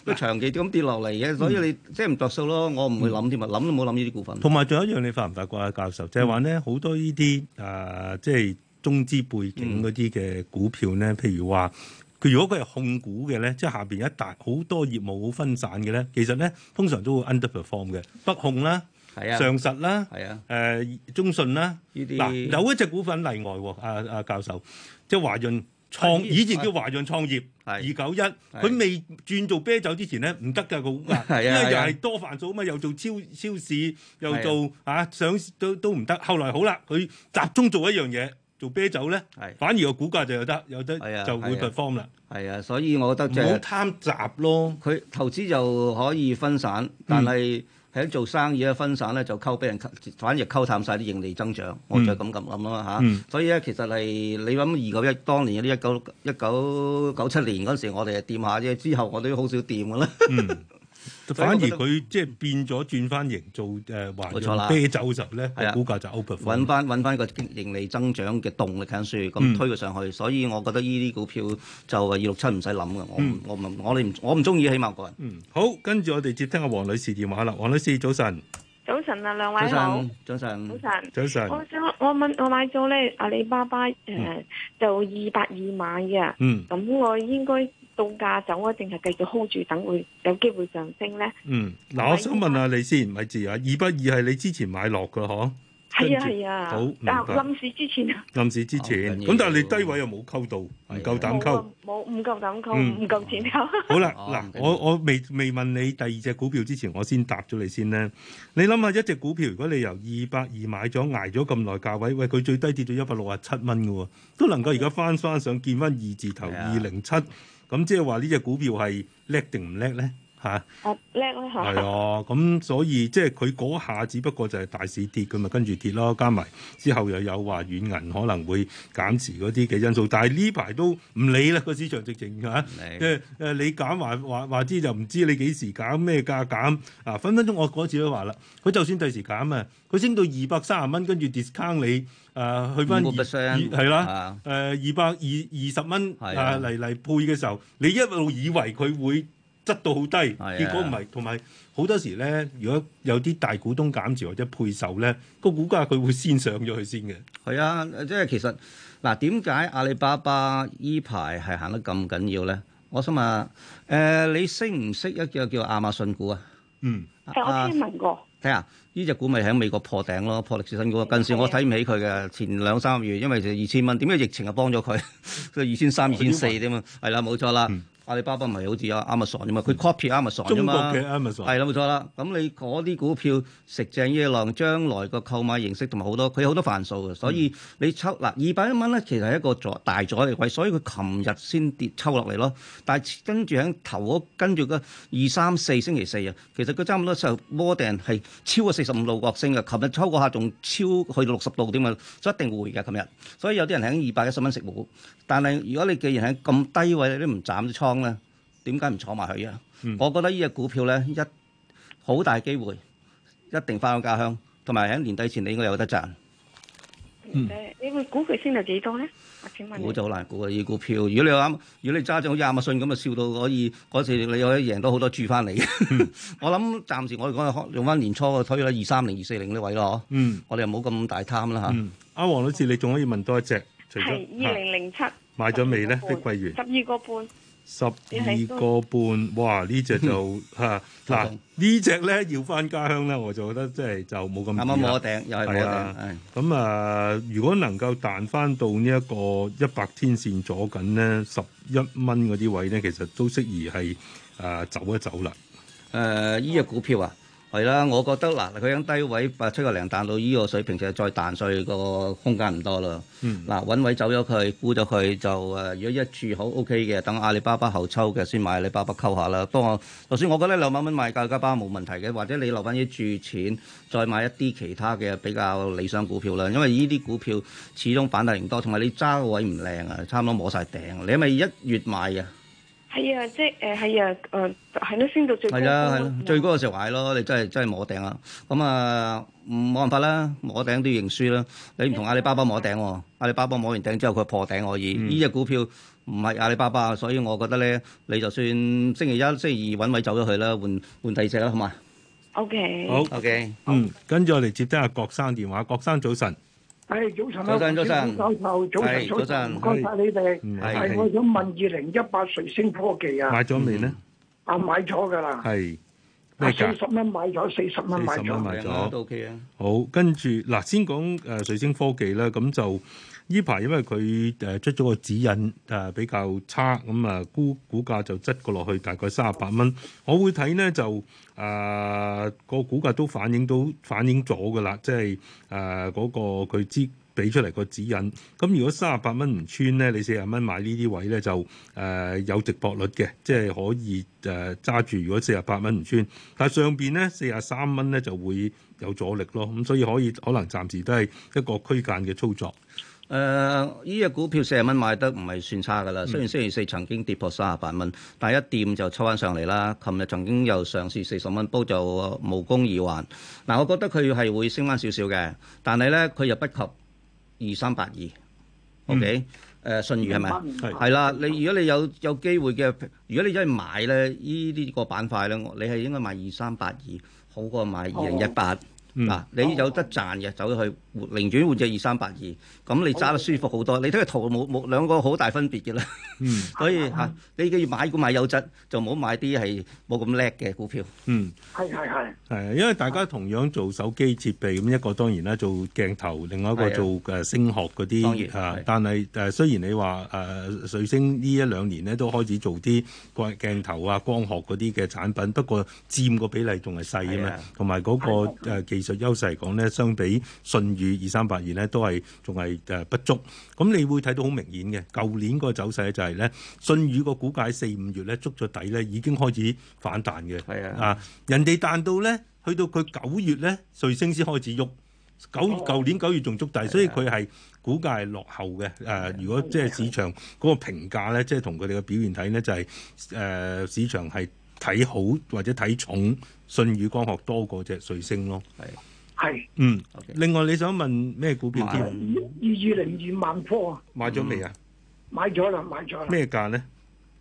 佢 長期咁跌落嚟嘅，所以你即係唔著數咯。我唔會諗添啊，諗、嗯、都冇諗呢啲股份。同埋仲有一樣你發唔發覺啊，教授，就係話咧，好、嗯就是、多呢啲誒即係。呃就是中資背景嗰啲嘅股票咧，譬如話佢如果佢係控股嘅咧，即係下邊一大好多業務好分散嘅咧，其實咧通常都會 underperform 嘅。北控啦，啊、上實啦，誒、啊呃、中信啦，呢啲些。嗱有一隻股份例外喎，阿、啊啊啊、教授，即係華潤創是以前叫華潤創業二九一，佢未轉做啤酒之前咧唔得㗎，個股價，因為又係多範疇啊嘛，又做超超市，又做啊想都都唔得。後來好啦，佢集中做一樣嘢。做啤酒咧，係是反而個股價就有得有得，就會突破啦。係啊，啊，所以我覺得即係唔好貪雜咯。佢投資就可以分散，但係喺做生意咧分散咧就溝俾人，反而溝淡晒啲盈利增長。我就咁咁諗啦嚇。所以咧，其實係你諗二九一當年嗰啲一九一九九七年嗰時，我哋係掂下啫。之後我哋都好少掂噶啦。嗯反而佢即係變咗轉翻型做誒，賣、呃、啦。啤酒十咧，係啊，股價就 operate 翻，搵翻搵翻個盈利增長嘅動力睇書，咁推佢上去，嗯、所以我覺得呢啲股票就二六七唔使諗噶，我唔、嗯、我唔我哋唔我唔中意起碼我個人。嗯，好，跟住我哋接聽阿黃女士電話啦，黃女士早晨，早晨啊，兩位好，早晨，早晨，早晨，早晨，我想我問我買咗咧阿里巴巴誒、呃，就二百二買嘅，嗯，咁我應該。到價走啊，定係繼續 hold 住等會有機會上升咧？嗯，嗱，我想問下你先，唔咪住啊，二百二係你之前買落嘅嗬？係啊係啊，好，明白。臨時之前啊，臨時之前，咁但係你低位又冇溝到，唔夠膽溝，冇唔夠膽溝，唔夠錢溝。好啦，嗱，我我未未問你第二隻股票之前，我先答咗你先咧。你諗下一隻股票，如果你由二百二買咗，捱咗咁耐價位，喂，佢最低跌到一百六啊七蚊嘅，都能夠而家翻翻上見翻二字頭二零七。咁即係話呢隻股票係叻定唔叻咧？嚇！我叻啦嚇！係啊，咁所以即係佢嗰下，只不過就係大市跌㗎嘛，跟住跌咯，加埋之後又有話軟銀可能會減持嗰啲嘅因素，但係呢排都唔理啦，個市場直情嚇，即係誒你減話話話，話，話就知就唔知你幾時減咩價減啊！Đó, 啊啊分分鐘我嗰次都話啦，佢就算第時減啊，佢升到二百三十蚊，跟住 discount 你誒去翻二係啦，誒二百二二十蚊啊嚟嚟配嘅時候，你一路以為佢會。質度好低，結果唔係，同埋好多時咧，如果有啲大股東減持或者配售咧，個股價佢會先上咗去先嘅。係啊，即係其實嗱，點解阿里巴巴依排係行得咁緊要咧？我想問誒、呃，你識唔識一個叫亞馬遜股啊？嗯，誒我聽聞過。睇下呢隻股咪喺美國破頂咯，破歷史新高。近時我睇唔起佢嘅，前兩三個月因為就二千蚊，點解疫情又幫咗佢？佢二千三、二千四啫嘛，係、嗯、啦，冇錯啦。阿里巴巴唔係好似阿 Amazon 啫嘛？佢 copy Amazon 啫嘛？中國嘅 Amazon 係啦，冇錯啦。咁你嗰啲股票食正嘢浪，將來個購買形式同埋好多，佢好多範數嘅。所以你抽嗱，二百一蚊咧，其實係一個大阻力位，所以佢琴日先跌抽落嚟咯。但係跟住喺頭嗰跟住個二三四星期四啊，其實佢差唔多，model 係超過四十五度角升嘅。琴日抽個下仲超去到六十度點啊？所以一定會㗎，琴日。所以有啲人喺二百一十蚊食冇股，但係如果你既然喺咁低位，你都唔斬啲倉。點解唔坐埋去啊？嗯、我覺得呢隻股票咧一好大機會，一定翻到家鄉，同埋喺年底前你應該有得賺。誒、嗯嗯，你會你估佢升到幾多咧？一千蚊。好就好難估啊！呢股票，如果你啱，如果你揸咗廿萬信咁啊，笑到可以嗰時你可以贏到好多注翻嚟。 嗯、我諗暫時我哋講用翻年初嘅推啦，二三零、二四零呢位咯。啊、嗯，我哋又冇咁大貪啦吓。阿黃老師，你仲可以問多一隻？係二零零七。2007, 買咗未咧？碧桂園十二個半。十二個半，5，哇！隻隻呢隻就嚇嗱，呢隻咧要翻家鄉咧，我就覺得即係就冇咁啱啱摸頂，又係摸頂。咁啊、呃，如果能夠彈翻到呢一個一百天線左近咧，十一蚊嗰啲位咧，其實都適宜係誒、呃、走一走啦。誒、呃，依隻股票啊！係啦，我覺得嗱，佢喺低位八七個零彈到依個水平，其實再彈再、嗰個空間唔多、嗯、啦。嗱，搵位走咗佢，沽咗佢就誒、呃，如果一注好 OK 嘅，等阿里巴巴後抽嘅先買阿里巴巴溝下啦。不過頭先，我覺得兩萬蚊買阿里巴巴冇問題嘅，或者你留翻一注錢，再買一啲其他嘅比較理想股票啦。因為依啲股票始終反彈唔多，同埋你揸個位唔靚啊，差唔多摸晒頂。你係咪一月買啊？係啊，即係誒，係啊，誒，係咯，升到最高。係啊，最高嘅時候壞囉，你真係真係摸頂啊。咁啊，冇辦法啦，摸頂都要認輸啦。你唔同阿里巴巴摸頂，阿里巴巴摸完頂之後佢破頂可以，呢隻股票唔係阿里巴巴啊，所以我覺得咧，你就算星期一、星期二搵位走咗佢啦，換換第二隻啦，好嘛？O K 好 O K 嗯，跟住我嚟接聽阿郭生電話。郭生早晨。誒，早晨啦，史東教授，早晨，早晨，唔該晒你哋。係我想問二零一八瑞聲科技啊，買咗未咧？啊，買咗噶啦。係，買四十蚊買咗，四十蚊買咗，都 OK 啊。好，跟住嗱，先講誒瑞聲科技啦，咁就。呢排因為佢誒出咗個指引誒比較差，咁啊估股價就質過落去大概三十八蚊。我會睇呢，就誒、呃那個股價都反映到反映咗嘅啦，即係誒嗰個佢支俾出嚟個指引。咁、嗯、如果三十八蚊唔穿呢，你四十蚊買呢啲位呢，就、呃、誒有值博率嘅，即、就、係、是、可以誒揸、呃、住。如果四十八蚊唔穿，但上邊呢，四十三蚊呢，就會有阻力咯。咁所以可以可能暫時都係一個區間嘅操作。誒呢隻股票四十蚊買得唔係算差噶啦，嗯、雖然星期四曾經跌破三十八蚊，但係一掂就抽翻上嚟啦。琴日曾經又上試四十蚊，煲就無功而還。嗱、呃，我覺得佢係會升翻少少嘅，但係咧佢又不及二三八二，OK？誒舜宇係咪？係啦、呃，你如果你有有機會嘅，如果你真係買咧，呢、呢、啲個板塊咧，你係應該買二三八二，好過買二零一八。哦嗱、嗯啊，你有得賺嘅走咗去，寧願換隻二三八二，咁你揸得舒服好多。你睇個圖冇冇兩個好大分別嘅啦。嗯、所以嚇、嗯啊，你嘅要買股買優質，就唔好買啲係冇咁叻嘅股票。嗯，係係係。係因為大家同樣做手機設備，咁一個當然啦，做鏡頭，另外一個做誒聲學嗰啲、啊、但係誒雖然你話誒瑞聲呢一兩年咧都開始做啲光鏡頭啊、光學嗰啲嘅產品，不過佔個比例仲係細嘅嘛，同埋嗰個誒技。就優勢嚟講咧，相比信譽二三百二咧，都係仲係誒不足。咁你會睇到好明顯嘅，舊年個走勢咧就係咧，信譽個股價喺四五月咧捉咗底咧，已經開始反彈嘅。係的啊，啊人哋彈到咧，去到佢九月咧，瑞星先開始喐。九舊年九月仲捉底，哦、所以佢係股價係落後嘅。誒、啊，如果即係市場嗰個評價咧，即係同佢哋嘅表現睇呢，就係、是、誒、就是呃、市場係。睇好或者睇重信宇光學多過隻瑞星咯，係是，係，嗯。Okay. 另外你想問咩股票？二二零二萬科啊，買咗未啊？買咗啦，買咗啦。咩價咧？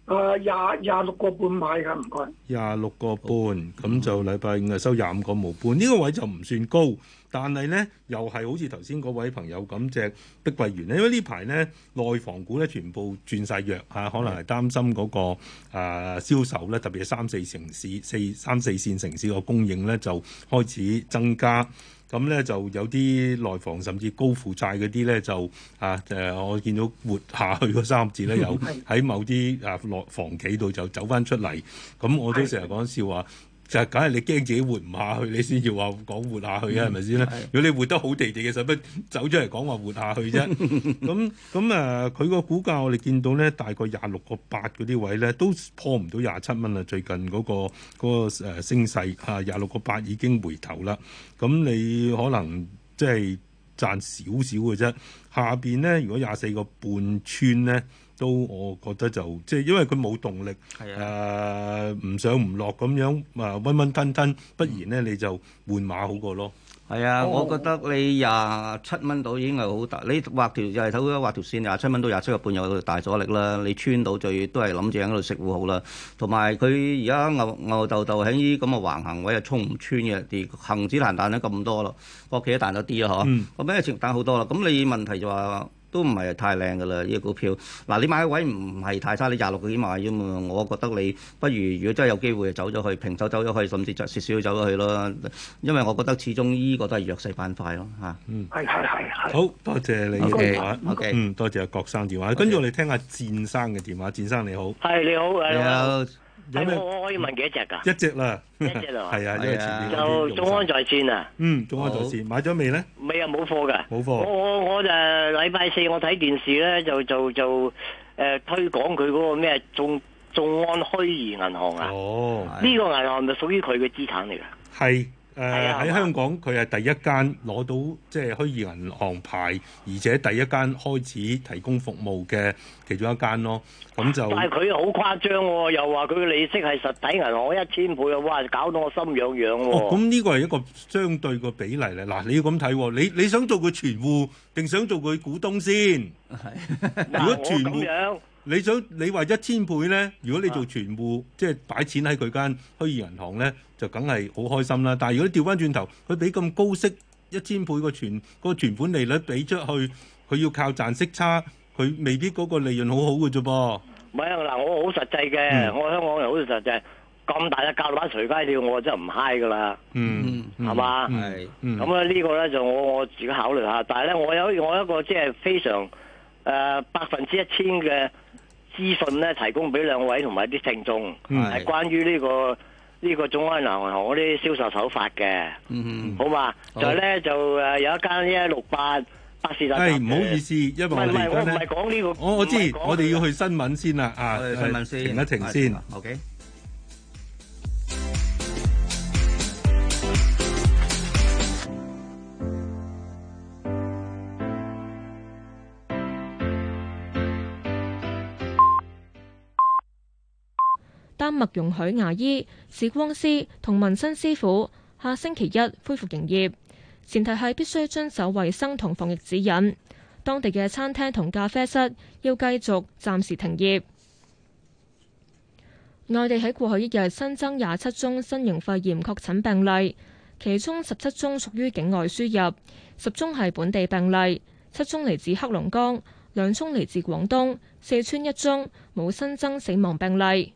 誒廿廿六個半買嘅，唔該。廿六個半，咁就禮拜五日收廿五個冇半，呢個位就唔算高。但係呢又係好似頭先嗰位朋友咁，隻碧桂園呢，因為呢排呢內房股呢全部轉晒弱嚇，可能係擔心嗰個誒銷售呢，特別係三四城市、四三四線城市個供應呢就開始增加。咁咧、嗯、就有啲內房甚至高負債嗰啲咧就啊誒，我見到活下去嗰三個字咧有喺某啲啊內房企度就走翻出嚟，咁、嗯、我都成日講笑話。就係梗係你驚自己活唔下去，你先要話講活下去啊？係咪先咧？如果你活得好地地嘅，使乜走出嚟講話活下去啫？咁咁誒，佢個、呃、股價我哋見到咧，大概廿六個八嗰啲位咧，都破唔到廿七蚊啦。最近嗰個嗰個誒升勢嚇，廿六個八已經回頭啦。咁你可能即係賺少少嘅啫。下邊咧，如果廿四個半穿咧。都我覺得就即係因為佢冇動力，誒唔上唔落咁樣啊，溫溫、呃呃、吞吞，不然咧你就換馬好過咯。係啊，我覺得你廿七蚊到已經係好大，你畫條又係睇佢畫條線廿七蚊到廿七個半有大阻力啦。你穿到最都係諗住喺度食糊好啦。同埋佢而家牛牛豆豆喺呢啲咁嘅橫行位啊，衝唔穿嘅，啲恒指彈彈得咁多咯，國企都彈咗啲啦，嗬、嗯。咁啊，情彈好多啦。咁你問題就話、是。都唔係太靚噶啦，呢個股票。嗱，你買位唔係太差，你廿六個幾買啫嘛。我覺得你不如如果真係有機會，就走咗去，平手走咗去，甚至就蝕少少走咗去咯。因為我覺得始終呢個都係弱勢板塊咯，嚇。嗯，係係係。好多謝你嘅電話，嗯，多謝阿郭生電話。跟住我哋聽下戰生嘅電話，戰生你好。係你好，你好。我我可以問幾多隻噶？一隻啦，一隻咯，係 啊，就眾安在線啊，嗯，眾安在線好買咗未咧？未啊，冇貨噶，冇貨。我我就禮拜四我睇電視咧，就就就誒、呃、推廣佢嗰個咩眾眾安虛擬銀行啊，哦，呢 個銀行係咪屬於佢嘅資產嚟㗎？係。誒喺、呃、的香港佢係的第一間攞到即係、就是、虛擬銀行牌，而且第一間開始提供服務嘅其中一間咯，咁就但係佢好誇張喎、哦，又話佢嘅利息係實體銀行一千倍啊！哇，搞到我心癢癢喎。哦，咁呢、哦、個係一個相對嘅比例咧。嗱，你要咁睇、哦，你你想做個存戶定想做個股東先？係 喇，如果存戶我咁樣。你想你話一千倍咧？如果你做全部、啊、即係擺錢喺佢間虛擬銀行咧，就梗係好開心啦。但係如果你調翻轉頭，佢俾咁高息一千倍、個存個存款利率俾出去，佢要靠賺息差，佢未必嗰個利潤好好嘅啫噃。唔係啊嗱，我好實際嘅，我香港人好實際。咁大隻蛤乸隨街跳，我真係唔 high 㗎啦。嗯，係、嗯、嘛？係、嗯。咁、嗯、啊呢個咧就我我自己考慮下。但係咧我有我一個即係非常誒、呃、百分之一千嘅。資訊咧提供俾兩位同埋啲聽眾，係關於呢個呢個中安銀行嗰啲銷售手法嘅，好嘛？再咧就誒有一間一六八八是大，唔好意思，因為我唔係我唔係講呢個，我我知，我哋要去新聞先啦，啊，停一停先，OK。加密容許牙醫、齒光師同紋身師傅下星期一恢復營業，前提係必須遵守衛生同防疫指引。當地嘅餐廳同咖啡室要繼續暫時停業。內地喺過去一日新增廿七宗新型肺炎確診病例，其中十七宗屬於境外輸入，十宗係本地病例，七宗嚟自黑龍江，兩宗嚟自廣東，四川一宗，冇新增死亡病例。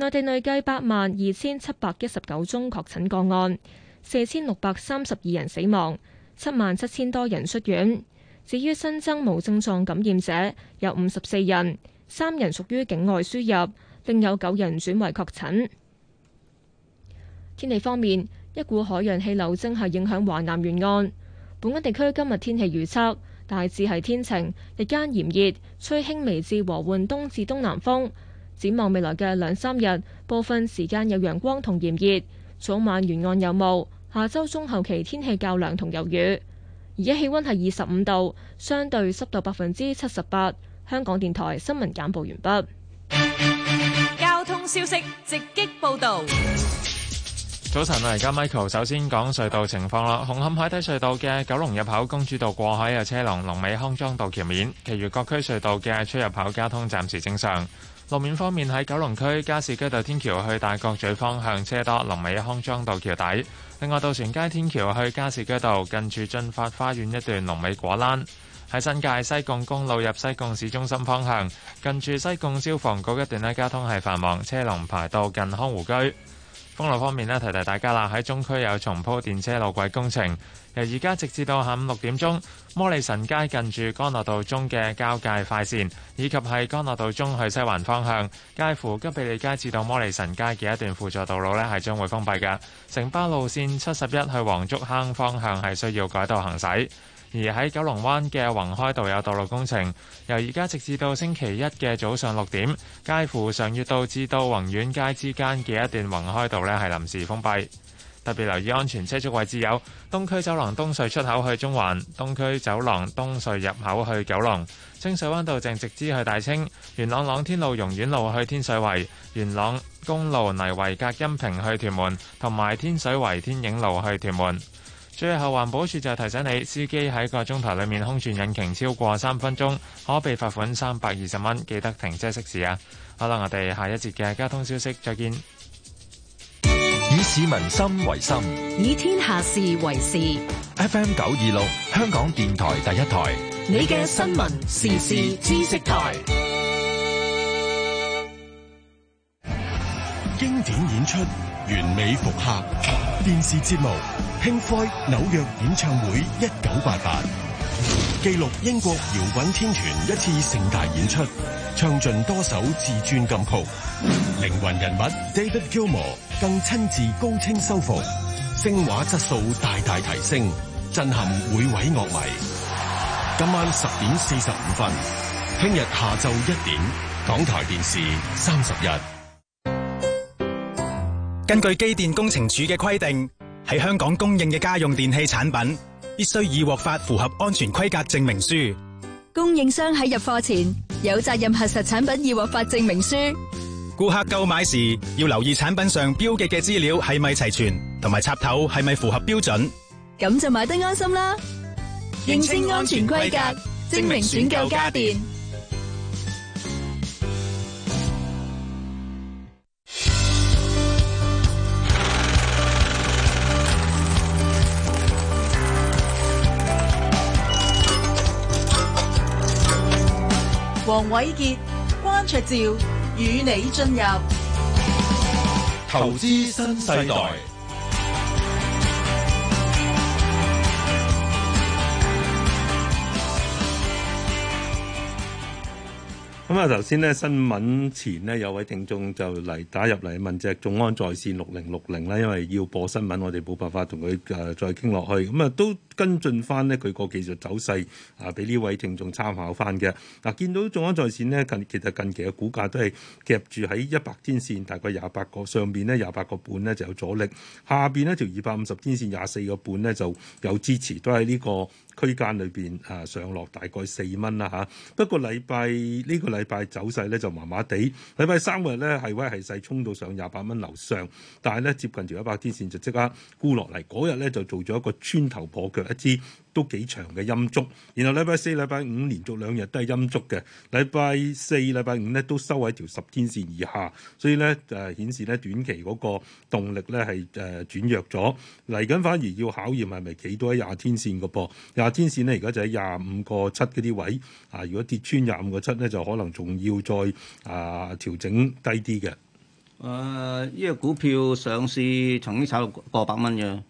內地累計八萬二千七百一十九宗確診個案，四千六百三十二人死亡，七萬七千多人出院。至於新增無症狀感染者，有五十四人，三人屬於境外輸入，另有九人轉為確診。天氣方面，一股海洋氣流正係影響華南沿岸。本港地區今日天氣預測，大致係天晴，日間炎熱，吹輕微至和緩東至東南風。展望未來嘅兩三日，部分時間有陽光同炎熱，早晚沿岸有霧。下周中後期天氣較涼同有雨。而家氣温係二十五度，相對濕度百分之七十八。香港電台新聞簡報完畢。交通消息直擊報導。早晨啊，而家 Michael 首先講隧道情況啦。紅磡海底隧道嘅九龍入口公主道過海有車龍，龍尾康莊道橋面。其餘各區隧道嘅出入口交通暫時正常。路面方面喺九龍區加士居道天橋去大角咀方向車多，龍尾康莊道橋底。另外，渡船街天橋去加士居道近住駿發花園一段龍尾果欄。喺新界西貢公路入西貢市中心方向，近住西貢消防局一段呢，交通係繁忙，車龍排到近康湖居。公路方面呢，提提大家啦，喺中區有重鋪電車路軌工程。由而家直至到下午六點鐘，摩利臣街近住干諾道中嘅交界快線，以及喺干諾道中去西環方向，介乎急庇利街至到摩利臣街嘅一段輔助道路呢係將會封閉嘅。城巴路線七十一去黃竹坑方向係需要改道行駛。而喺九龍灣嘅宏開道有道路工程，由而家直至到星期一嘅早上六點，介乎常悅道至到宏遠街之間嘅一段宏開道呢係臨時封閉。特別留意安全車速位置，有東區走廊東隧出口去中環，東區走廊東隧入口去九龍，清水灣道正直支去大清，元朗朗天路榕苑路去天水圍，元朗公路泥圍隔音屏去屯門，同埋天水圍天影路去屯門。最後環保署就提醒你，司機喺個鐘頭裏面空轉引擎超過三分鐘，可被罰款三百二十蚊，記得停車熄匙啊！好啦，我哋下一節嘅交通消息再見。以市民心為心，以天下事為事。FM 九二六，香港電台第一台。你嘅新聞時事知識台，經典演出完美復刻，電視節目《Pink Floyd 紐約演唱會》一九八八。記錄英國搖滾天團一次盛大演出，唱盡多首至尊金曲。靈魂人物 David Gilmour 更親自高清修復，聲畫質素大大提升，震撼每位樂迷。今晚十點四十五分，聽日下晝一點，港台電視三十一。根據機電工程署嘅規定，喺香港供應嘅家用電器產品。必須已獲發符合安全規格證明書。供應商喺入貨前有責任核實產品已獲發證明書。顧客購買時要留意產品上標記嘅資料係咪齊全，同埋插頭係咪符合標準。咁就買得安心啦！認清安全規格，證明選購家電。黃瑋傑、關焯照與你進入投資新世代。咁啊、嗯，頭先呢新聞前呢有位聽眾就嚟打入嚟問隻眾安在線六零六零啦，因為要播新聞，我哋冇辦法同佢誒再傾落去。咁、嗯、啊都。跟進翻呢，佢個技術走勢啊，俾呢位聽眾參考翻嘅。嗱、啊，見到眾安在線呢，近其實近期嘅股價都係夾住喺一百天線，大概廿八個上邊呢，廿八個半呢就有阻力，下邊呢條二百五十天線廿四個半呢就有支持，都喺呢個區間裏邊啊上落大概四蚊啦嚇。不過禮拜呢、呢個禮拜走勢呢，就麻麻地，禮拜三日呢，係威係勢衝到上廿八蚊樓上，但係呢，接近條一百天線就即刻沽落嚟，嗰日呢，就做咗一個穿頭破腳。一支都幾長嘅陰燭，然後禮拜四、禮拜五連續兩日都係陰燭嘅。禮拜四、禮拜五咧都收喺條十天線以下，所以咧誒顯示咧短期嗰個動力咧係誒轉弱咗嚟緊，反而要考驗係咪企到喺廿天線嘅噃？廿天線咧而家就喺廿五個七嗰啲位啊、呃，如果跌穿廿五個七咧，就可能仲要再啊呃、調整低啲嘅。誒、呃，呢個股票上市曾經炒到過百蚊嘅。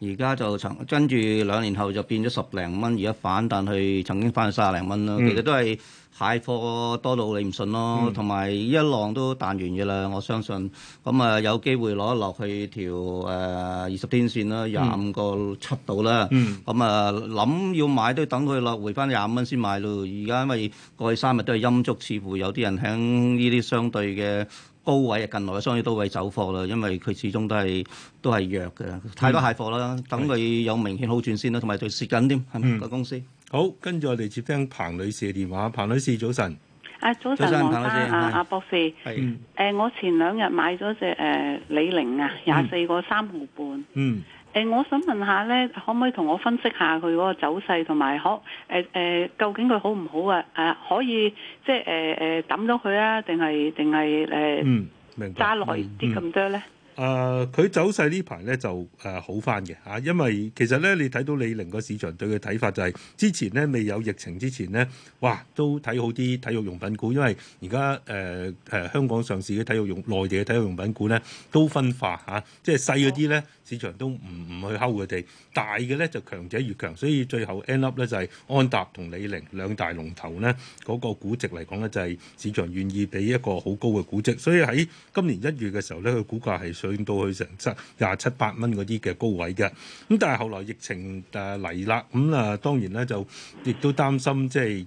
而家就曾跟住兩年後就變咗十零蚊，而家反彈去曾經翻去卅零蚊咯。嗯、其實都係蟹貨多到你唔信咯。同埋、嗯、一浪都彈完嘅啦，我相信。咁啊有機會落一落去條誒二十天線啦、啊，廿五個七度啦。咁、嗯嗯、啊諗要買都要等佢落回翻廿五蚊先買咯。而家因為過去三日都係陰燭，似乎有啲人喺呢啲相對嘅。高位啊，近來嘅所以高位走貨啦，因為佢始終都係都係弱嘅，太多蟹貨啦，等佢有明顯好轉先啦，同埋就蝕緊添，係咪個公司？好，跟住我哋接聽彭女士嘅電話，彭女士早晨。啊，早晨黃生啊，阿博士，係，誒我前兩日買咗隻誒李寧啊，廿四個三毫半，嗯。誒，我想問下咧，可唔可以同我分析下佢嗰個走勢，同埋可誒誒，究竟佢好唔好啊？誒、呃，可以即係誒誒，抌咗佢啊？定係定係誒？嗯，明白揸耐啲咁多咧？誒，佢走勢呢排咧就誒、呃、好翻嘅吓，因為其實咧你睇到李寧個市場對嘅睇法就係、是，之前咧未有疫情之前咧，哇，都睇好啲體育用品股，因為而家誒誒香港上市嘅體育用內地嘅體育用品股咧都分化吓、啊，即係細嗰啲咧。市場都唔唔去睺佢哋，大嘅咧就強者越強，所以最後 end up 咧就係、是、安踏同李寧兩大龍頭咧嗰、那個估值嚟講咧就係市場願意俾一個好高嘅估值，所以喺今年一月嘅時候咧，佢股價係上到去成七廿七八蚊嗰啲嘅高位嘅。咁但係後來疫情啊嚟啦，咁、嗯、啊當然咧就亦都擔心即係誒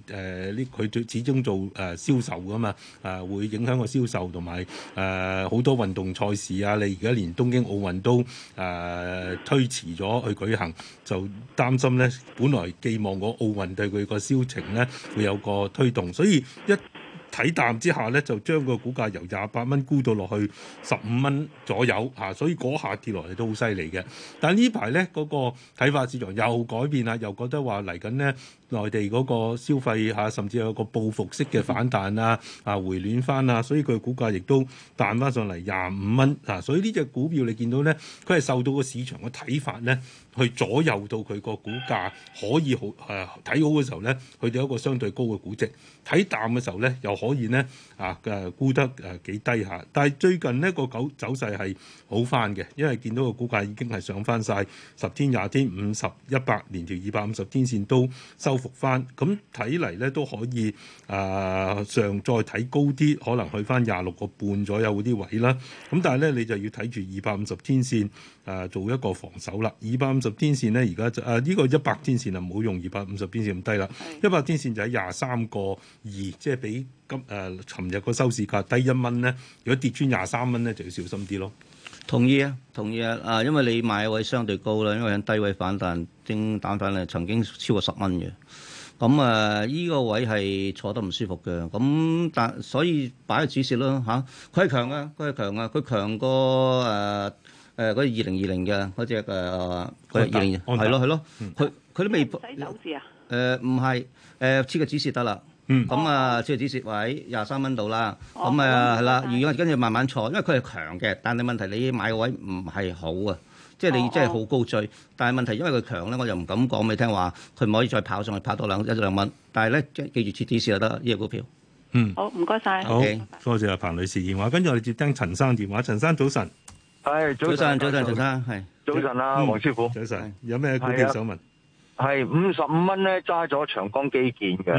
呢佢始終做誒銷售噶嘛，誒、啊、會影響個銷售同埋誒好多運動賽事啊！你而家連東京奧運都誒。啊誒、呃、推遲咗去舉行，就擔心咧，本來寄望個奧運對佢個銷情咧，會有個推動，所以一睇淡之下咧，就將個股價由廿八蚊沽到落去十五蚊左右嚇、啊，所以嗰下跌落嚟都好犀利嘅。但呢排咧，嗰、那個睇法市場又改變啦，又覺得話嚟緊咧。 內地嗰個消費嚇、啊，甚至有個報復式嘅反彈啊，啊回暖翻啊，所以佢股價亦都彈翻上嚟廿五蚊啊！所以呢隻股票你見到咧，佢係受到個市場嘅睇法咧，去左右到佢個股價可以好誒睇、啊、好嘅時候咧，去到一個相對高嘅估值；睇淡嘅時候咧，又可以咧啊嘅估、啊啊、得誒幾低下。但係最近呢個走走勢係好翻嘅，因為見到個股價已經係上翻晒十天、廿天、五十、一百，連條二百五十天線都收。復翻咁睇嚟咧都可以啊、呃，上再睇高啲，可能去翻廿六個半左右嗰啲位啦。咁但係咧，你就要睇住二百五十天線啊、呃，做一個防守啦。二百五十天線咧，而家啊呢個一百天線啊，唔好用二百五十天線咁低啦。一百天線就喺廿三個二，即係比今誒尋日個收市價低一蚊咧。如果跌穿廿三蚊咧，就要小心啲咯。同意啊，同意啊！啊，因為你買位相對高啦，因為人低位反彈，蒸蛋粉咧曾經超過十蚊嘅。咁啊，依、啊這個位係坐得唔舒服嘅。咁、啊、但所以擺個指示咯嚇，佢係強啊，佢係強,強,強啊，佢強過誒誒二零二零嘅嗰隻誒嗰隻二零係咯係咯，佢佢、嗯、都未手誒唔係誒設個指示得啦。嗯，咁啊，止蝕位話喺廿三蚊度啦，咁啊係啦，如果跟住慢慢坐，因為佢係強嘅，但係問題你買個位唔係好啊，即係你真係好高追，但係問題因為佢強咧，我就唔敢講俾你聽話，佢唔可以再跑上去跑多兩一兩蚊，但係咧，記住設止蝕就得呢個股票。嗯，好，唔該曬。好，多謝阿彭女士電話，跟住我哋接聽陳生電話。陳生早晨，係早晨，早晨，陳生，係早晨啦。黃師傅，早晨，有咩股票想問？係五十五蚊咧，揸咗長江基建嘅。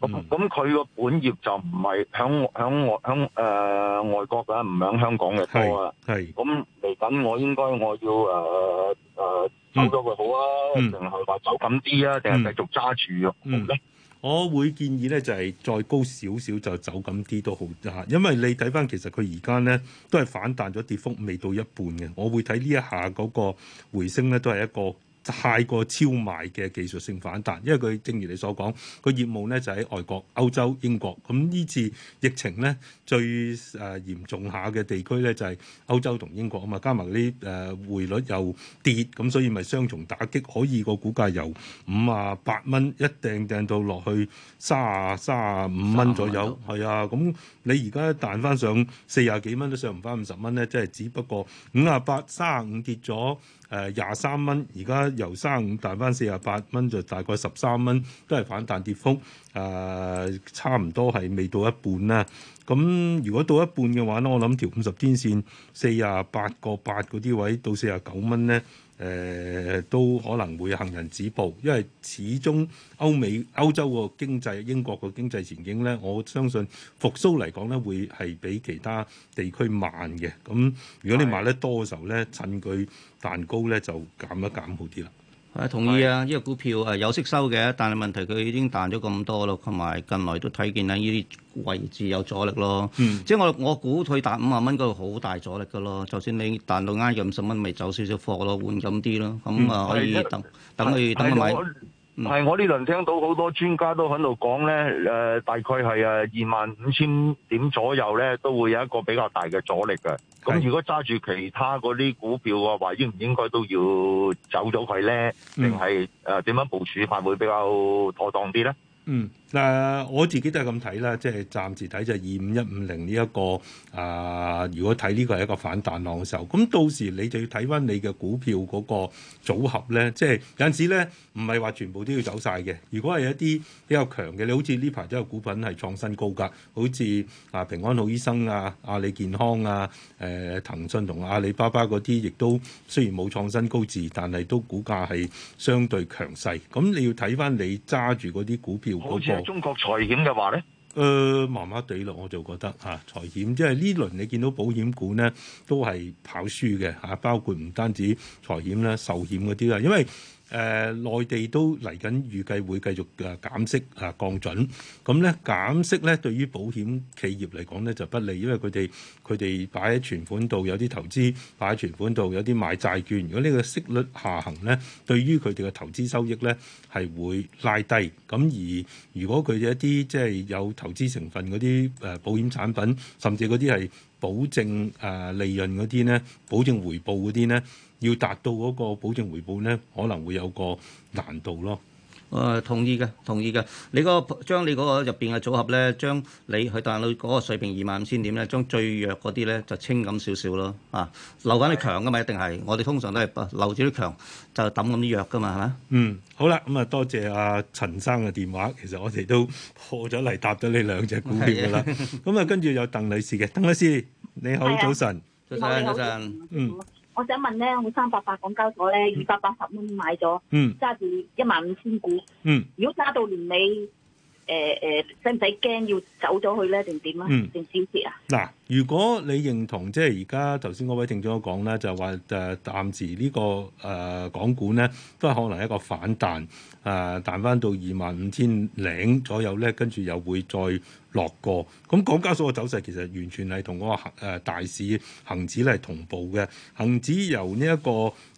咁咁佢個本業就唔係響響外響誒外國嘅，唔響香港嘅多、嗯嗯、啊。係咁嚟緊，我應該我要誒誒走咗佢好啊，定係話走緊啲啊，定係繼續揸住好咧？我會建議咧，就係再高少少就走緊啲都好啊。因為你睇翻，其實佢而家咧都係反彈咗，跌幅未到一半嘅。我會睇呢一下嗰個回升咧，都係一個。太過超賣嘅技術性反彈，因為佢正如你所講，個業務咧就喺外國、歐洲、英國。咁呢次疫情咧最誒、呃、嚴重下嘅地區咧就係、是、歐洲同英國啊嘛，加埋啲誒匯率又跌，咁所以咪雙重打擊，可以個股價由五啊八蚊一掟掟到落去三啊三啊五蚊左右，係啊。咁你而家彈翻上四啊幾蚊都上唔翻五十蚊咧，即係只不過五啊八三啊五跌咗。誒廿三蚊，而家、呃、由三十五彈翻四十八蚊，就大概十三蚊，都係反彈跌幅，誒、呃、差唔多係未到一半啦。咁、嗯、如果到一半嘅話咧，我諗條五十天線四十八個八嗰啲位到四十九蚊咧。誒、呃、都可能會行人止步，因為始終歐美、歐洲個經濟、英國個經濟前景咧，我相信復甦嚟講咧，會係比其他地區慢嘅。咁如果你買得多嘅時候咧，趁佢蛋糕咧就減一減好啲啦。係同意啊！呢是個股票係有息收嘅，但係問題佢已經彈咗咁多咯，同埋近來都睇見喺呢啲位置有阻力咯。嗯、即係我我估佢彈五萬蚊嗰度好大阻力㗎咯。就算你彈到啱，咗五十蚊，咪走少少貨咯，換咁啲咯，咁啊、嗯、可以等但等佢等佢買。係，mm hmm。我呢輪聽到好多專家都喺度講呢，誒、呃、大概係誒二萬五千點左右呢，都會有一個比較大嘅阻力嘅。咁的如果揸住其他嗰啲股票啊，話應唔應該都要走咗佢呢？定係誒點樣部署法會比較妥當啲呢？嗯、mm。Hmm. 嗱，我自己都係咁睇啦，即係暫時睇就二五一五零呢一個啊。如果睇呢個係一個反彈浪嘅時候，咁到時你就要睇翻你嘅股票嗰個組合咧。即係有陣時咧，唔係話全部都要走晒嘅。如果係一啲比較強嘅，你好似呢排都有股份係創新高價，好似啊平安好醫生啊、阿里健康啊、誒、呃、騰訊同阿里巴巴嗰啲，亦都雖然冇創新高字，但係都股價係相對強勢。咁你要睇翻你揸住嗰啲股票嗰、嗰個。中國財險嘅話咧，誒，麻麻地咯，我就覺得吓財險，即係呢輪你見到保險股咧都係跑輸嘅吓，包括唔單止財險啦、壽險嗰啲啦，因為。誒內、呃、地都嚟緊，預計會繼續誒減息啊降準。咁咧減息咧，對於保險企業嚟講咧就不利，因為佢哋佢哋擺喺存款度有啲投資，擺喺存款度有啲買債券。如果呢個息率下行咧，對於佢哋嘅投資收益咧係會拉低。咁而如果佢哋一啲即係有投資成分嗰啲誒保險產品，甚至嗰啲係保證誒、呃、利潤嗰啲咧，保證回報嗰啲咧。要達到嗰個保證回報咧，可能會有個難度咯。誒，同意嘅，同意嘅。你嗰個將你嗰個入邊嘅組合咧，將你去達到嗰個水平二萬五千點咧，將最弱嗰啲咧就清咁少少咯。啊，留翻啲強嘅嘛，一定係。我哋通常都係留住啲強，就抌咁啲弱嘅嘛，係嘛？嗯，好啦，咁啊，多謝阿陳生嘅電話。其實我哋都破咗嚟答咗你兩隻股票嘅啦。咁啊，跟住有鄧女士嘅，鄧女士，你好，早晨，早晨，早晨，嗯。我想問咧，我三八八港交所咧，二百八十蚊買咗，揸住一萬五千股。嗯、如果揸到年尾，誒、呃、誒，使唔使驚要走咗去咧，定點、嗯、啊？定少少啊？嗱。如果你認同即係而家頭先嗰位聽眾講咧，就話、是、誒、呃、暫時呢、這個誒、呃、港股咧都係可能一個反彈，誒、呃、彈翻到二萬五千零左右咧，跟住又會再落過。咁港交所嘅走勢其實完全係同嗰個大市恒指咧係同步嘅。恒指由呢一個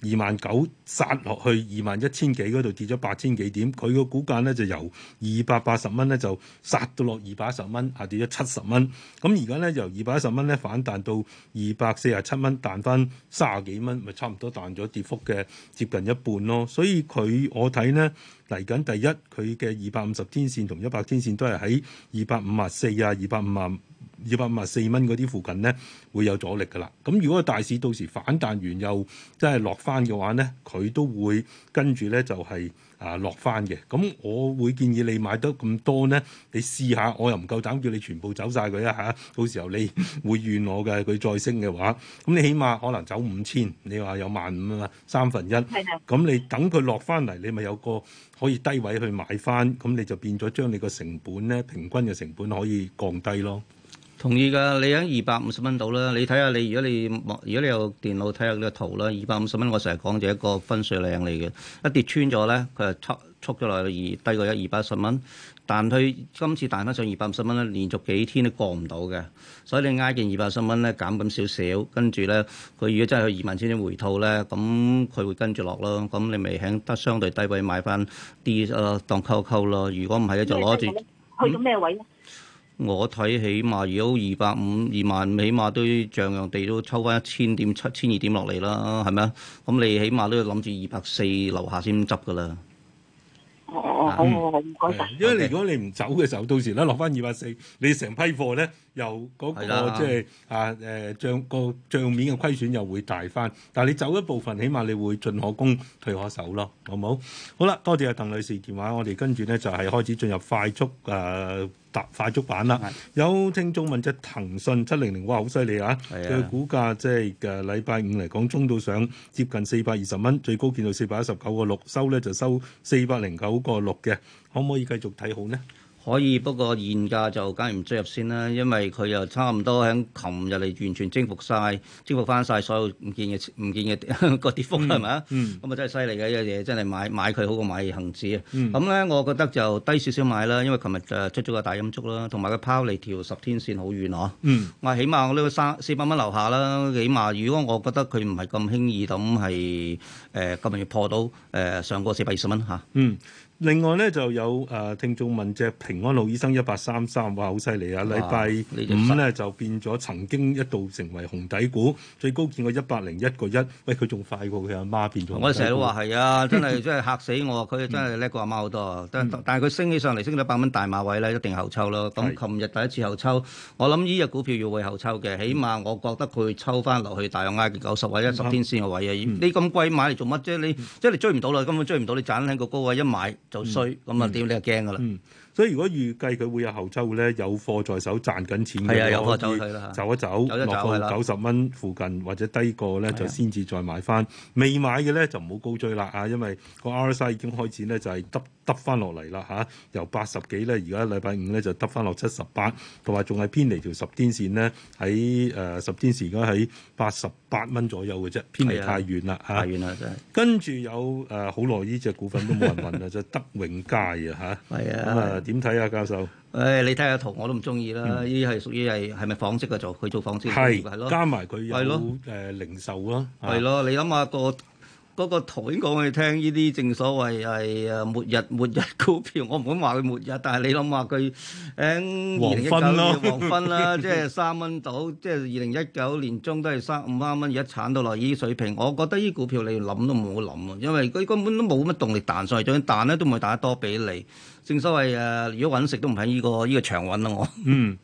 二萬九殺落去二萬一千幾嗰度跌咗八千幾點，佢個股價咧就由二百八十蚊咧就殺到落二百一十蚊，下跌咗七十蚊。咁而家咧由二百十蚊咧反彈到二百四十七蚊，彈返三十幾蚊，咪差唔多彈咗跌幅嘅接近一半咯。所以佢我睇咧，嚟緊第一，佢嘅二百五十天線同一百天線都係喺二百五十四啊，二百五十五啊。二百五十四蚊嗰啲附近咧，會有阻力噶啦。咁如果大市到時反彈完又真係落翻嘅話咧，佢都會跟住咧就係啊落翻嘅。咁我會建議你買得咁多咧，你試下。我又唔夠膽叫你全部走晒佢啊！吓，到時候你會怨我嘅。佢再升嘅話，咁你起碼可能走五千的，你話有萬五啊嘛，三分一。係。咁你等佢落翻嚟，你咪有個可以低位去買翻，咁你就變咗將你個成本咧平均嘅成本可以降低咯。同意噶，你喺二百五十蚊度啦，你睇下你如果你，如果你有電腦睇下呢個圖啦，二百五十蚊我成日講就一個分水嶺嚟嘅，一跌穿咗咧，佢就速咗落去，二低過一二百五十蚊。但佢今次彈翻上二百五十蚊咧，連續幾天都過唔到嘅，所以你挨住二百十蚊咧減咁少,少少，跟住咧佢如果真係去二萬先至回吐咧，咁佢會跟住落咯，咁你咪喺得相對低位買翻啲啊當溝溝咯。如果唔係咧，就攞住、嗯、去到咩位咧？我睇起碼如果二百五二萬，起碼都像樣地都抽翻一千點、七千二點落嚟啦，係咪啊？咁你起碼都要諗住二百四樓下先執噶啦。哦哦，好，好，唔該曬。因為如果你唔走嘅時候，到時咧落翻二百四，你成批貨咧又嗰個、啊、即係啊誒帳個帳面嘅虧損又會大翻。但係你走一部分，起碼你會進可攻退可守咯，好唔好？好啦，多謝阿鄧女士電話，我哋跟住咧就係、是、開始進入快速誒，啊踏快足版啦！有聽眾問隻騰訊七零零，哇好犀利啊！係啊，佢股價即係嘅禮拜五嚟講，衝到上接近四百二十蚊，最高見到四百一十九個六，收咧就收四百零九個六嘅，可唔可以繼續睇好呢？可以，不過現價就梗係唔追入先啦，因為佢又差唔多喺琴日嚟完全征服晒征服翻曬所有唔見嘅唔見嘅個跌幅啦，係咪啊？嗯，咁啊吧、嗯、真係犀利嘅呢樣嘢，這個、真係買買佢好過買恒指啊！咁咧、嗯，嗯、我覺得就低少少買啦，因為琴日誒出咗個大陰燭啦，同埋佢拋離條十天線好遠哦。嗯，我起碼我呢個三四百蚊樓下啦，起碼如果我覺得佢唔係咁輕易咁係誒今日要破到誒、呃、上過四百二十蚊嚇。啊、嗯。另外咧就有誒、呃、聽眾問，隻平安好醫生一八三三話好犀利啊！禮拜、啊、五咧、嗯、就變咗，曾經一度成為紅底股，最高見過一百零一個一。喂，佢仲快過佢阿媽變咗。我成日都話係啊， 真係真係嚇死我！佢真係叻過阿媽好多。嗯、但但係佢升起上嚟，升到一百蚊大馬位咧，一定後抽咯。咁琴日第一次後抽，是我諗呢日股票要會後抽嘅，起碼我覺得佢抽翻落去大約嘅九十位、一十天線嘅位啊！你咁貴買嚟做乜啫？你即係追唔到啦，根本追唔到，你賺喺個高位一買。就衰，咁啊點你就驚噶啦！所以如果預計佢會有後周咧，有貨在手賺緊錢嘅，啊、有貨走可以走一走，走一走落去九十蚊附近或者低過咧，就先至再買翻。啊、未買嘅咧就唔好高追啦啊！因為個 RSI 已經開始咧就係執。得翻落嚟啦嚇，由八十幾咧，而家禮拜五咧就得翻落七十八，同埋仲係偏離條十天線咧，喺誒十天線而家喺八十八蚊左右嘅啫，偏離太遠啦嚇。太遠啦真係。跟住有誒好耐呢隻股份都冇人問啦，就德永佳啊嚇。係啊，點睇啊教授？誒，你睇下圖我都唔中意啦，呢啲係屬於係係咪紡織嘅做？佢做紡織係咯，加埋佢有誒零售咯。係咯，你諗下個。嗰個頭先講去聽，我哋聽呢啲正所謂係誒、啊、末日末日股票，我唔敢話佢末日，但係你諗下，佢誒二零一九嘅黃昏啦， 即係三蚊到，即係二零一九年中都係三五三蚊，而家慘到落呢水平，我覺得呢股票你諗都唔好諗啊，因為佢根本都冇乜動力彈上嚟，就算彈咧都唔會彈得多俾你。正所謂誒、啊，如果揾食都唔喺呢個呢、呢個場揾啦，我。嗯。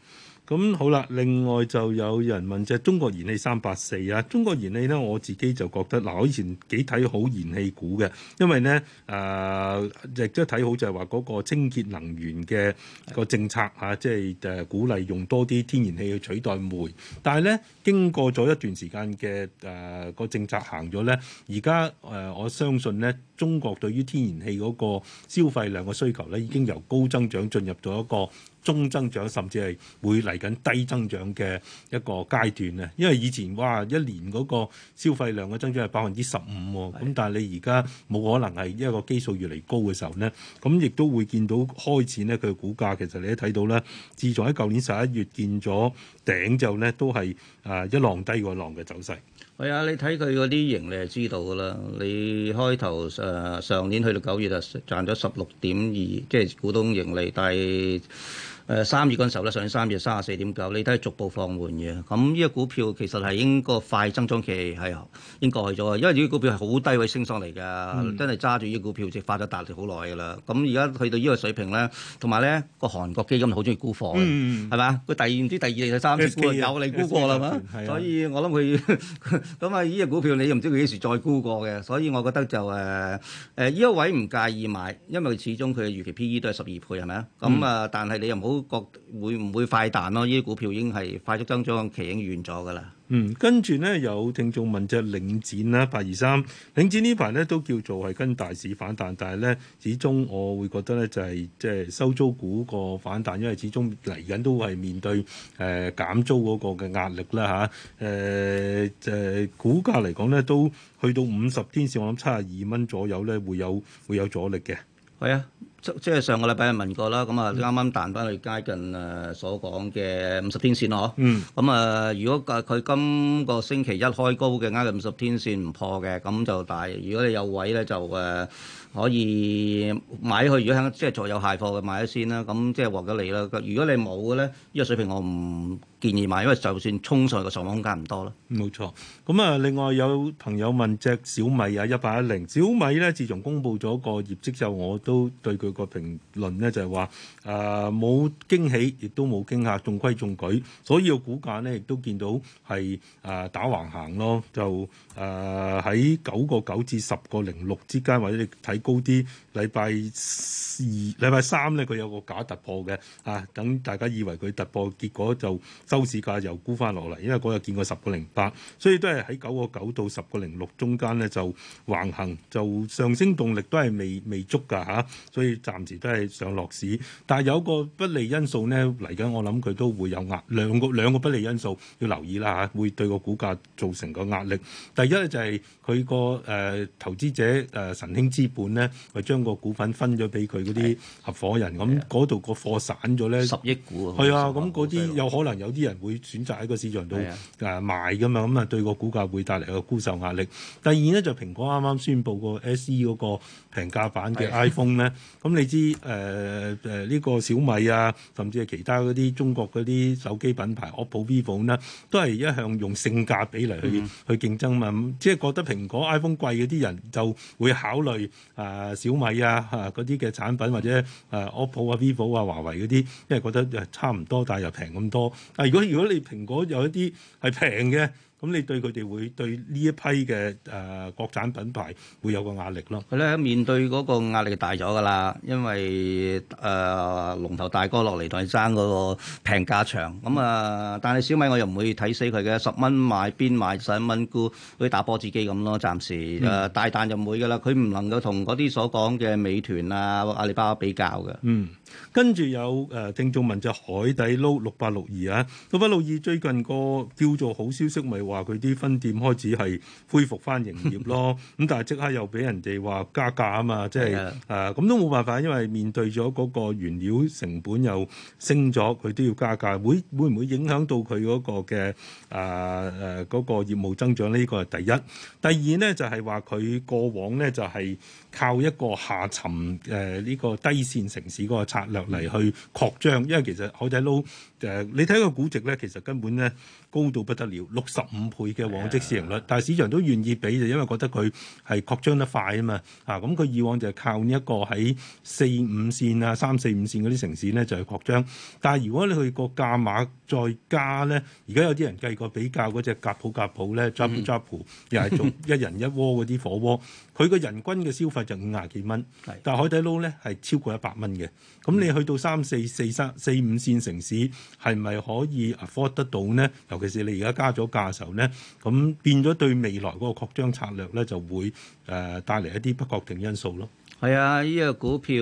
咁好啦，另外就有人問啫，中國燃氣三八四啊，中國燃氣咧，我自己就覺得嗱，我以前幾睇好燃氣股嘅，因為咧誒亦都睇好就係話嗰個清潔能源嘅個政策啊，即係誒鼓勵用多啲天然氣去取代煤，但係咧經過咗一段時間嘅誒、呃嗰個政策行咗咧，而家誒我相信咧。中國對於天然氣嗰個消費量嘅需求咧，已經由高增長進入咗一個中增長，甚至係會嚟緊低增長嘅一個階段啊！因為以前哇，一年嗰個消費量嘅增長係百分之十五喎，咁但係你而家冇可能係一個基數越嚟越高嘅時候咧，咁亦都會見到開始咧，佢嘅股價其實你睇到咧，自從喺舊年十一月見咗頂就咧，都係啊一浪低過一浪嘅走勢。係啊，哎，你睇佢嗰啲盈利就知道噶啦，你開頭誒，呃、上年去到九月就賺咗十六點二，即係股東盈利，但係，誒三月嗰陣時候咧，上三月三十四點九，你都係逐步放緩嘅。咁呢個股票其實係應該快增長期係已經去咗啊，因為呢啲股票係好低位升上嚟㗎，真係揸住呢啲股票直發咗大力好耐㗎啦。咁而家去到呢個水平咧，同埋咧個韓國基金好中意沽貨嘅，係嘛？佢第二唔知第二日第三有你沽過啦嘛？所以我諗佢咁啊，呢個股票你又唔知佢幾時再沽過嘅。所以我覺得就誒誒呢一位唔介意買，因為始終佢嘅預期 P E 都係十二倍係咪啊？咁啊，但係你又唔好。都覺會唔會快彈咯？呢啲股票已經係快速增長期已經完咗噶啦。嗯，跟住咧有聽眾問隻領展啦，八二三領展呢排咧都叫做係跟大市反彈，但係咧始終我會覺得咧就係即係收租股個反彈，因為始終嚟緊都係面對誒減、呃、租嗰個嘅壓力啦吓。誒、啊、誒、呃呃，股價嚟講咧都去到五十天線，我諗七十二蚊左右咧會有會有阻力嘅。係啊。即係上個禮拜問過啦，咁啊啱啱彈翻去街近誒所講嘅五十天線咯，嗬、嗯。咁啊，如果佢今個星期一開高嘅，挨緊五十天線唔破嘅，咁就大。如果你有位咧，就誒、啊、可以買去。如果即係仲有蟹貨嘅，買咗先啦。咁即係獲咗利啦。如果你冇嘅咧，呢、呢個水平我唔～建議買，因為就算衝上去個上行空間唔多咯。冇錯，咁啊，另外有朋友問隻小米啊，一八一零小米咧，自從公佈咗個業績之後，我都對佢個評論咧就係話，誒、呃、冇驚喜，亦都冇驚嚇，中規中矩，所以個股價咧亦都見到係誒打橫行咯，就誒喺九個九至十個零六之間，或者你睇高啲。禮拜二、禮拜三咧，佢有個假突破嘅，啊，等大家以為佢突破，結果就。收市價又估翻落嚟，因為嗰日見過十個零八，所以都係喺九個九到十個零六中間咧就橫行，就上升動力都係未未足噶嚇、啊，所以暫時都係上落市。但係有個不利因素咧嚟緊，我諗佢都會有壓兩個兩個不利因素要留意啦嚇、啊，會對個股價造成個壓力。第一咧就係佢個誒投資者誒晨、呃、興資本咧，咪、就是、將個股份分咗俾佢嗰啲合夥人，咁嗰度個貨散咗咧，十億股係啊，咁嗰啲有可能有。啲人會選擇喺個市場度誒賣噶嘛，咁啊的對個股價會帶嚟個沽售壓力。第二咧就蘋果啱啱宣布個 SE 嗰個。平價版嘅 iPhone 咧的，咁、嗯、你知誒誒呢個小米啊，甚至係其他嗰啲中國嗰啲手機品牌 OPPO、Opp VIVO 啦，都係一向用性價比嚟去、嗯、去競爭嘛。即係覺得蘋果、嗯、iPhone 貴嘅啲人就會考慮啊、呃、小米啊嗰啲嘅產品，或者誒、呃、OPPO 啊、VIVO 啊、華為嗰啲，因為覺得差唔多，但係又平咁多。啊，如果如果你蘋果有一啲係平嘅。咁你對佢哋會對呢一批嘅誒、呃、國產品牌會有個壓力咯。係咧，面對嗰個壓力大咗噶啦，因為誒、呃、龍頭大哥落嚟同你爭嗰個平價場咁啊。但係小米我又唔會睇死佢嘅，十蚊買邊買十一蚊，估會打波自己咁咯。暫時誒、嗯呃、大彈就唔會噶啦，佢唔能夠同嗰啲所講嘅美團啊、阿里巴巴比較嘅。嗯。跟住有誒聽眾問就海底撈六八六二啊，六八六二最近個叫做好消息，咪話佢啲分店開始係恢復翻營業咯。咁 但係即刻又俾人哋話加價啊嘛，即係誒咁都冇辦法，因為面對咗嗰個原料成本又升咗，佢都要加價。會會唔會影響到佢嗰個嘅誒誒嗰個業務增長呢？呢個係第一。第二呢，就係話佢過往呢，就係、是、靠一個下沉誒呢個低線城市嗰個策略。嚟去擴張，因為其實海底撈誒，你睇個估值咧，其實根本咧，高到不得了，六十五倍嘅往績市盈率，哎、呀但係市場都願意俾，就因為覺得佢係擴張得快啊嘛，啊咁佢、嗯、以往就係靠呢一個喺四五線啊三四五線嗰啲城市咧就係擴張。但係如果你去過價碼再加咧，而家有啲人計過比較嗰隻呷浦呷浦咧，呷浦呷浦又係做一人一窩嗰啲火鍋，佢個 人均嘅消費就五廿幾蚊，是但係海底撈咧係超過一百蚊嘅，咁你去到三四四三四,四,四,四,四五線城市係咪可以 afford 得到咧？其實你而家加咗價嘅時候咧，咁變咗對未來嗰個擴張策略咧，就會誒帶嚟一啲不確定因素咯。係啊，呢、這個股票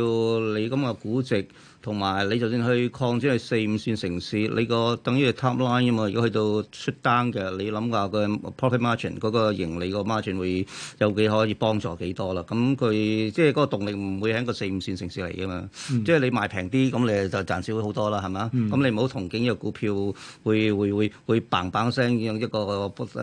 你今日估值同埋你就算去擴張去四五線城市，你個等於係 top line 啊嘛。如果去到出單嘅，你諗下個 profit margin 嗰個盈利個 margin 會有幾可以幫助幾多啦？咁佢即係嗰個動力唔會喺個四五線城市嚟㗎嘛。嗯、即係你賣平啲，咁你就賺少好多啦，係嘛？咁、嗯、你唔好憧憬呢個股票會會會會砰砰聲咁一個誒好、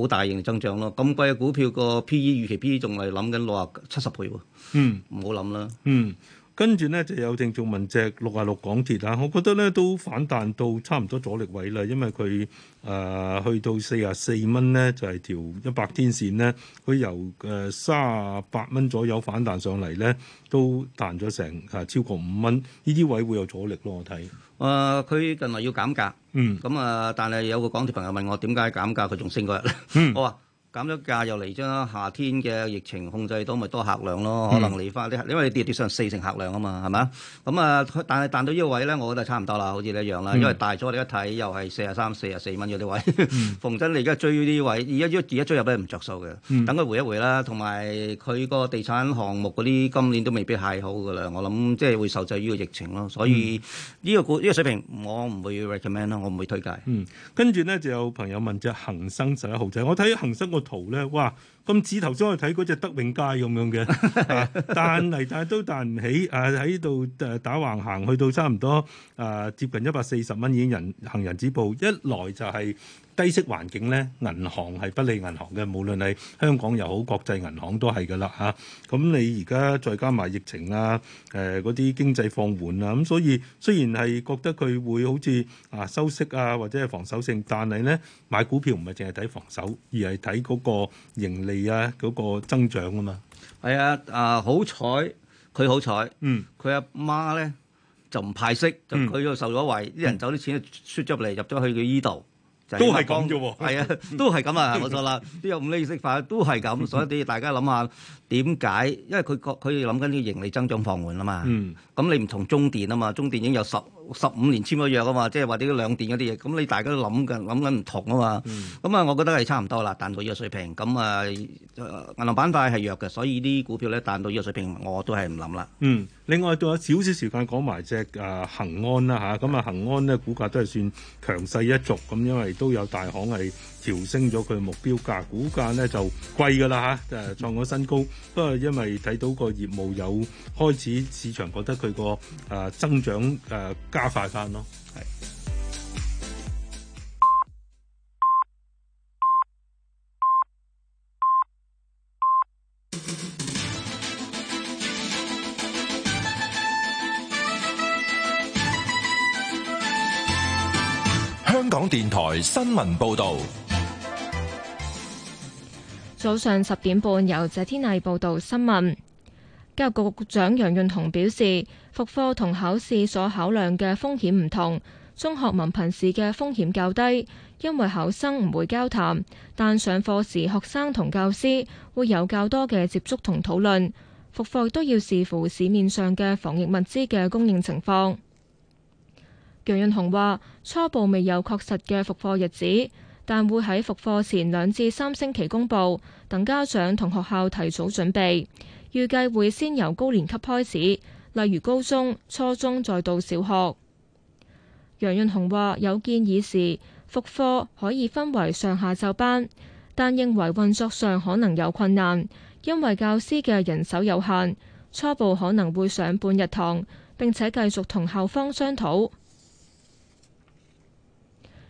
呃、大型嘅增長咯。咁貴嘅股票個 P E 預期 P E 仲係諗緊六啊七十倍喎。嗯，唔好諗啦。嗯，跟住咧就有聽眾問隻六啊六港鐵啊，我覺得咧都反彈到差唔多阻力位啦，因為佢誒、呃、去到四啊四蚊咧，就係條一百天線咧，佢由誒卅八蚊左右反彈上嚟咧，都彈咗成啊、呃、超過五蚊，呢啲位會有阻力咯。我睇、呃，誒佢近嚟要減價，嗯，咁啊、呃，但係有個港鐵朋友問我點解減價佢仲升過咧？嗯，我話。減咗價又嚟咗，夏天嘅疫情控制到咪多客量咯？嗯、可能你翻啲，因為你跌跌上四成客量啊嘛，係嘛？咁啊，但係彈到個位呢位咧，我覺得差唔多啦，好似一樣啦。嗯、因為大咗，我一睇又係四十三四十四蚊嗰啲位，逢、嗯、 真你而家追呢位，而家而家追入咧唔着數嘅，嗯、等佢回一回啦。同埋佢個地產項目嗰啲今年都未必係好噶啦，我諗即係會受制於個疫情咯。所以呢個呢、嗯、個水平我，我唔會 recommend 啦，我唔會推介。嗯，跟住咧就有朋友問隻恒生十一號仔，我睇恒生。個圖咧，哇！咁指頭先去睇嗰隻德永街咁樣嘅、 啊，但係但都彈唔起，誒喺度誒打橫行，去到差唔多誒、啊、接近一百四十蚊已經人行人止步。一來就係低息環境咧，銀行係不利銀行嘅，無論係香港又好，國際銀行都係㗎啦嚇。咁、啊、你而家再加埋疫情啊，誒嗰啲經濟放緩啊，咁、啊、所以雖然係覺得佢會好似啊收息啊，或者係防守性，但係咧買股票唔係淨係睇防守，而係睇嗰個盈利。而啊嗰個增長啊嘛，係啊啊好彩佢好彩，嗯，佢阿媽咧就唔派息，就佢、嗯、就受咗惠，啲、嗯、人走啲錢輸咗入嚟，入咗去佢依度，就是、都係咁啫喎，係 啊，都係咁啊，冇 錯啦，都有五厘息法都係咁，所以你大家諗下點解？因為佢個佢諗緊啲盈利增長放緩啊嘛，嗯，咁你唔同中電啊嘛，中電已經有十。十五年簽咗約啊嘛，即係話啲兩電嗰啲嘢，咁你大家都諗嘅，諗緊唔同啊嘛。咁啊、嗯，我覺得係差唔多啦，彈到呢個水平。咁啊，銀行板塊係弱嘅，所以啲股票咧彈到呢個水平，我都係唔諗啦。嗯，另外仲有少少時間講埋隻啊恆安啦嚇，咁啊恆安呢，股價都係算強勢一族，咁因為都有大行係。調升咗佢嘅目標價，股價咧就貴噶啦嚇，誒、啊、創咗新高。不過因為睇到個業務有開始，市場覺得佢個誒增長誒、啊、加快翻咯。係。香港電台新聞報導。早上十點半，由謝天麗報道新聞。教育局局長楊潤雄表示，復課同考試所考量嘅風險唔同。中學文憑試嘅風險較低，因為考生唔會交談，但上課時學生同教師會有較多嘅接觸同討論。復課都要視乎市面上嘅防疫物資嘅供應情況。楊潤雄話，初步未有確實嘅復課日子。但會喺復課前兩至三星期公布，等家長同學校提早準備，預計會先由高年級開始，例如高中、初中再到小學。楊潤雄話有建議時復課可以分為上下晝班，但認為運作上可能有困難，因為教師嘅人手有限。初步可能會上半日堂，並且繼續同校方商討。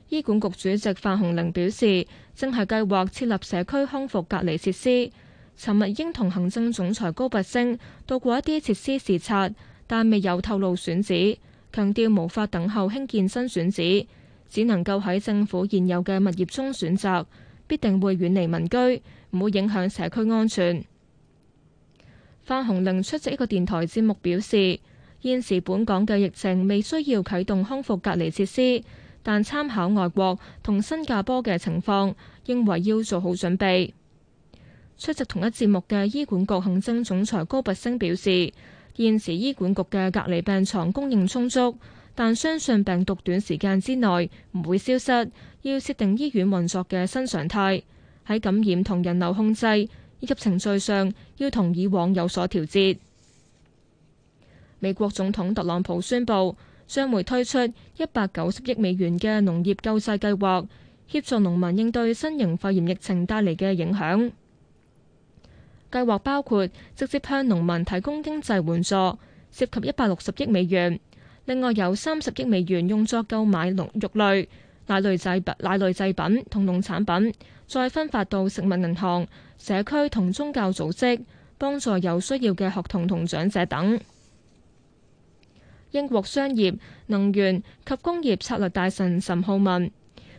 醫管局主席范鴻齡表示，正係計劃設立社區康復隔離設施。尋日，應同行政總裁高拔升到過一啲設施視察，察，但未有透露選址。強調無法等候興建新選址，只能夠喺政府現有嘅物業中選擇，必定會遠離民居，唔會影響社區安全。范鴻齡出席一個電台節目，表示現時本港嘅疫情未需要啟動康復隔離設施。但參考外國同新加坡嘅情況，認為要做好準備。出席同一節目嘅醫管局行政總裁高拔升表示，現時醫管局嘅隔離病床供應充足，但相信病毒短時間之內唔會消失，要設定醫院運作嘅新常態，喺感染同人流控制以及程序上要同以往有所調節，美國總統特朗普宣布將會推出一百九十億美元嘅農業救濟計劃，協助農民應對新型肺炎疫情帶嚟嘅影響。計劃包括直接向農民提供經濟援助，涉及一百六十億美元。另外有三十億美元用作購買農肉類、奶類製奶類製品同農產品，再分發到食物銀行、社區同宗教組織，幫助有需要嘅學童同長者等。英國商業、能源及工業策略大臣岑浩文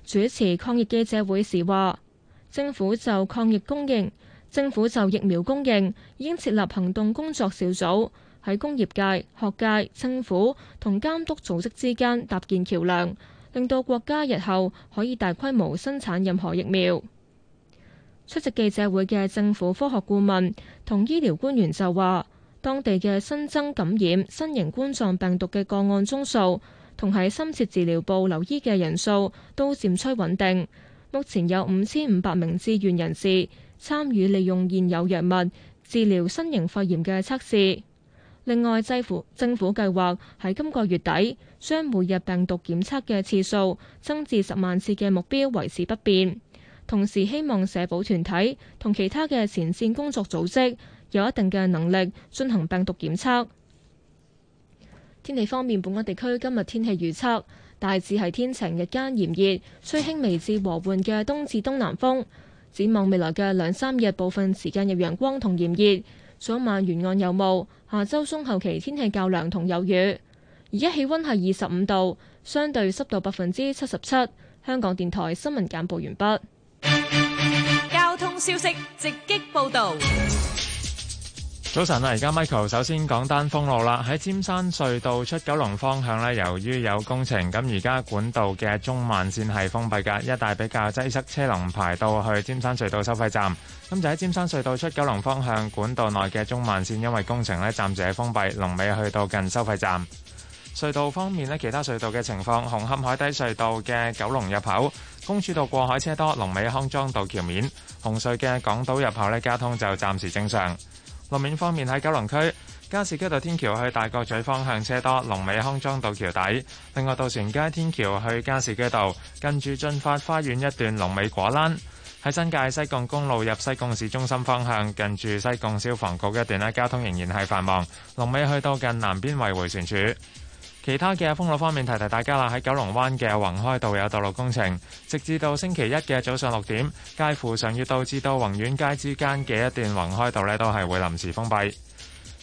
主持抗疫記者會時話，政府就抗疫供應、政府就疫苗供應，已經設立行動工作小組，喺工業界、學界、政府同監督組織之間搭建橋樑，令到國家日後可以大規模生產任何疫苗。出席記者會嘅政府科學顧問同醫療官員就話：當地嘅新增感染新型冠狀病毒嘅個案宗數，同喺深切治療部留醫嘅人數都漸趨穩定。目前有五千五百名志願人士參與利用現有藥物治療新型肺炎嘅測試。另外，政府計劃喺今個月底將每日病毒檢測嘅次數增至十萬次嘅目標維持不變，同時希望社保團體同其他嘅前線工作組織，有一定嘅能力進行病毒檢測。天氣方面，本港地區今日天氣預測大致係天晴，日間炎熱，吹輕微至和緩嘅東至東南風。展望未來嘅兩三日，部分時間有陽光同炎熱，早晚沿岸有霧。下周中後期天氣較涼同有雨。而家氣温係二十五度，相對濕度百分之七十七。香港電台新聞簡報完畢。交通消息直擊報導。早晨啊！而家 Michael 首先講單封路啦。喺尖山隧道出九龍方向咧，由於有工程，咁而家管道嘅中慢線係封閉噶，一帶比較擠塞，車龍排到去尖山隧道收費站。咁、嗯、就喺尖山隧道出九龍方向管道內嘅中慢線，因為工程咧暫時係封閉，龍尾去到近收費站。隧道方面咧，其他隧道嘅情況，紅磡海底隧道嘅九龍入口，公主道過海車多，龍尾康莊道橋面；紅隧嘅港島入口咧，交通就暫時正常。路面方面，喺九龍區加士居道天橋去大角咀方向車多，龍尾康莊道橋底；另外渡船街天橋去加士居道近住駿發花園一段龍尾果欄。喺新界西貢公路入西貢市中心方向近住西貢消防局一段咧，交通仍然係繁忙，龍尾去到近南邊為迴旋處。其他嘅封路方面，提提大家啦。喺九龍灣嘅宏開道有道路工程，直至到星期一嘅早上六點，介乎上月道至到宏遠街之間嘅一段宏開道呢都係會臨時封閉。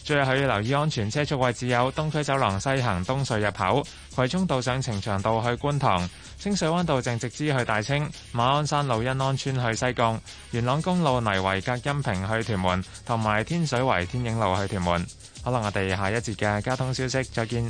最後要留意安全車速，位置有，有東區走廊西行東隧入口、葵涌道上呈祥道去觀塘、清水灣道正直支去大清、馬鞍山路欣安村去西貢、元朗公路泥圍隔音屏去屯門，同埋天水圍天影路去屯門。好啦，我哋下一節嘅交通消息，再見。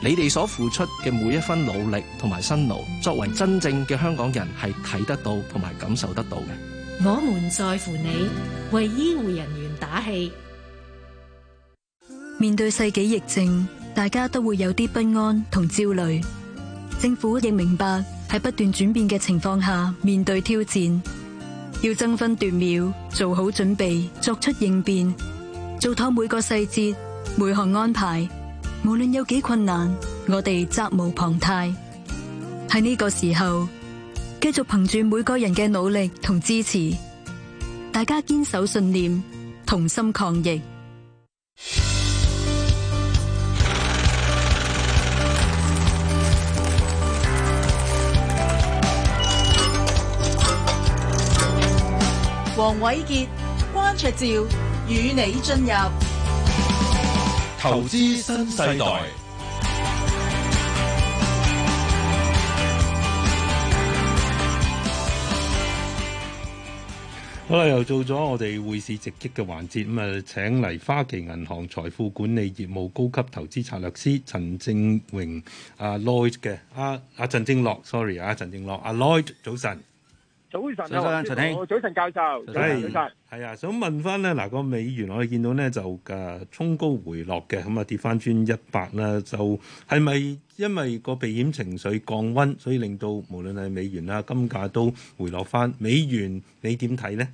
你哋所付出嘅每一分努力同埋辛勞，作為真正嘅香港人係睇得到同埋感受得到嘅。我們在乎你，為醫護人員打氣。面對世紀疫症，大家都會有啲不安同焦慮。政府亦明白喺不斷轉變嘅情況下面對挑戰，要爭分奪秒做好準備，作出應變，做妥每個細節，每項安排。無論有幾困難，我哋責無旁貸。喺呢個時候，繼續憑住每個人嘅努力同支持，大家堅守信念，同心抗疫。黃瑋傑、關焯照與你進入。投資新世代，好啦，又做咗我哋匯市直擊嘅環節。咁啊，請嚟花旗銀行財富管理業務高級投資策略師陳正榮阿、啊、Lloyd 嘅阿阿陳正樂，sorry 啊，阿陳正樂，阿、啊、Lloyd 早晨。早晨啊，師傅，早晨教授，早晨，係啊，想問翻咧嗱，個美元，我哋見到咧就誒，衝高回落嘅，咁啊跌翻穿一百啦，就係咪因為個避險情緒降溫，所以令到無論係美元啦、金價都回落翻？美元你點睇咧？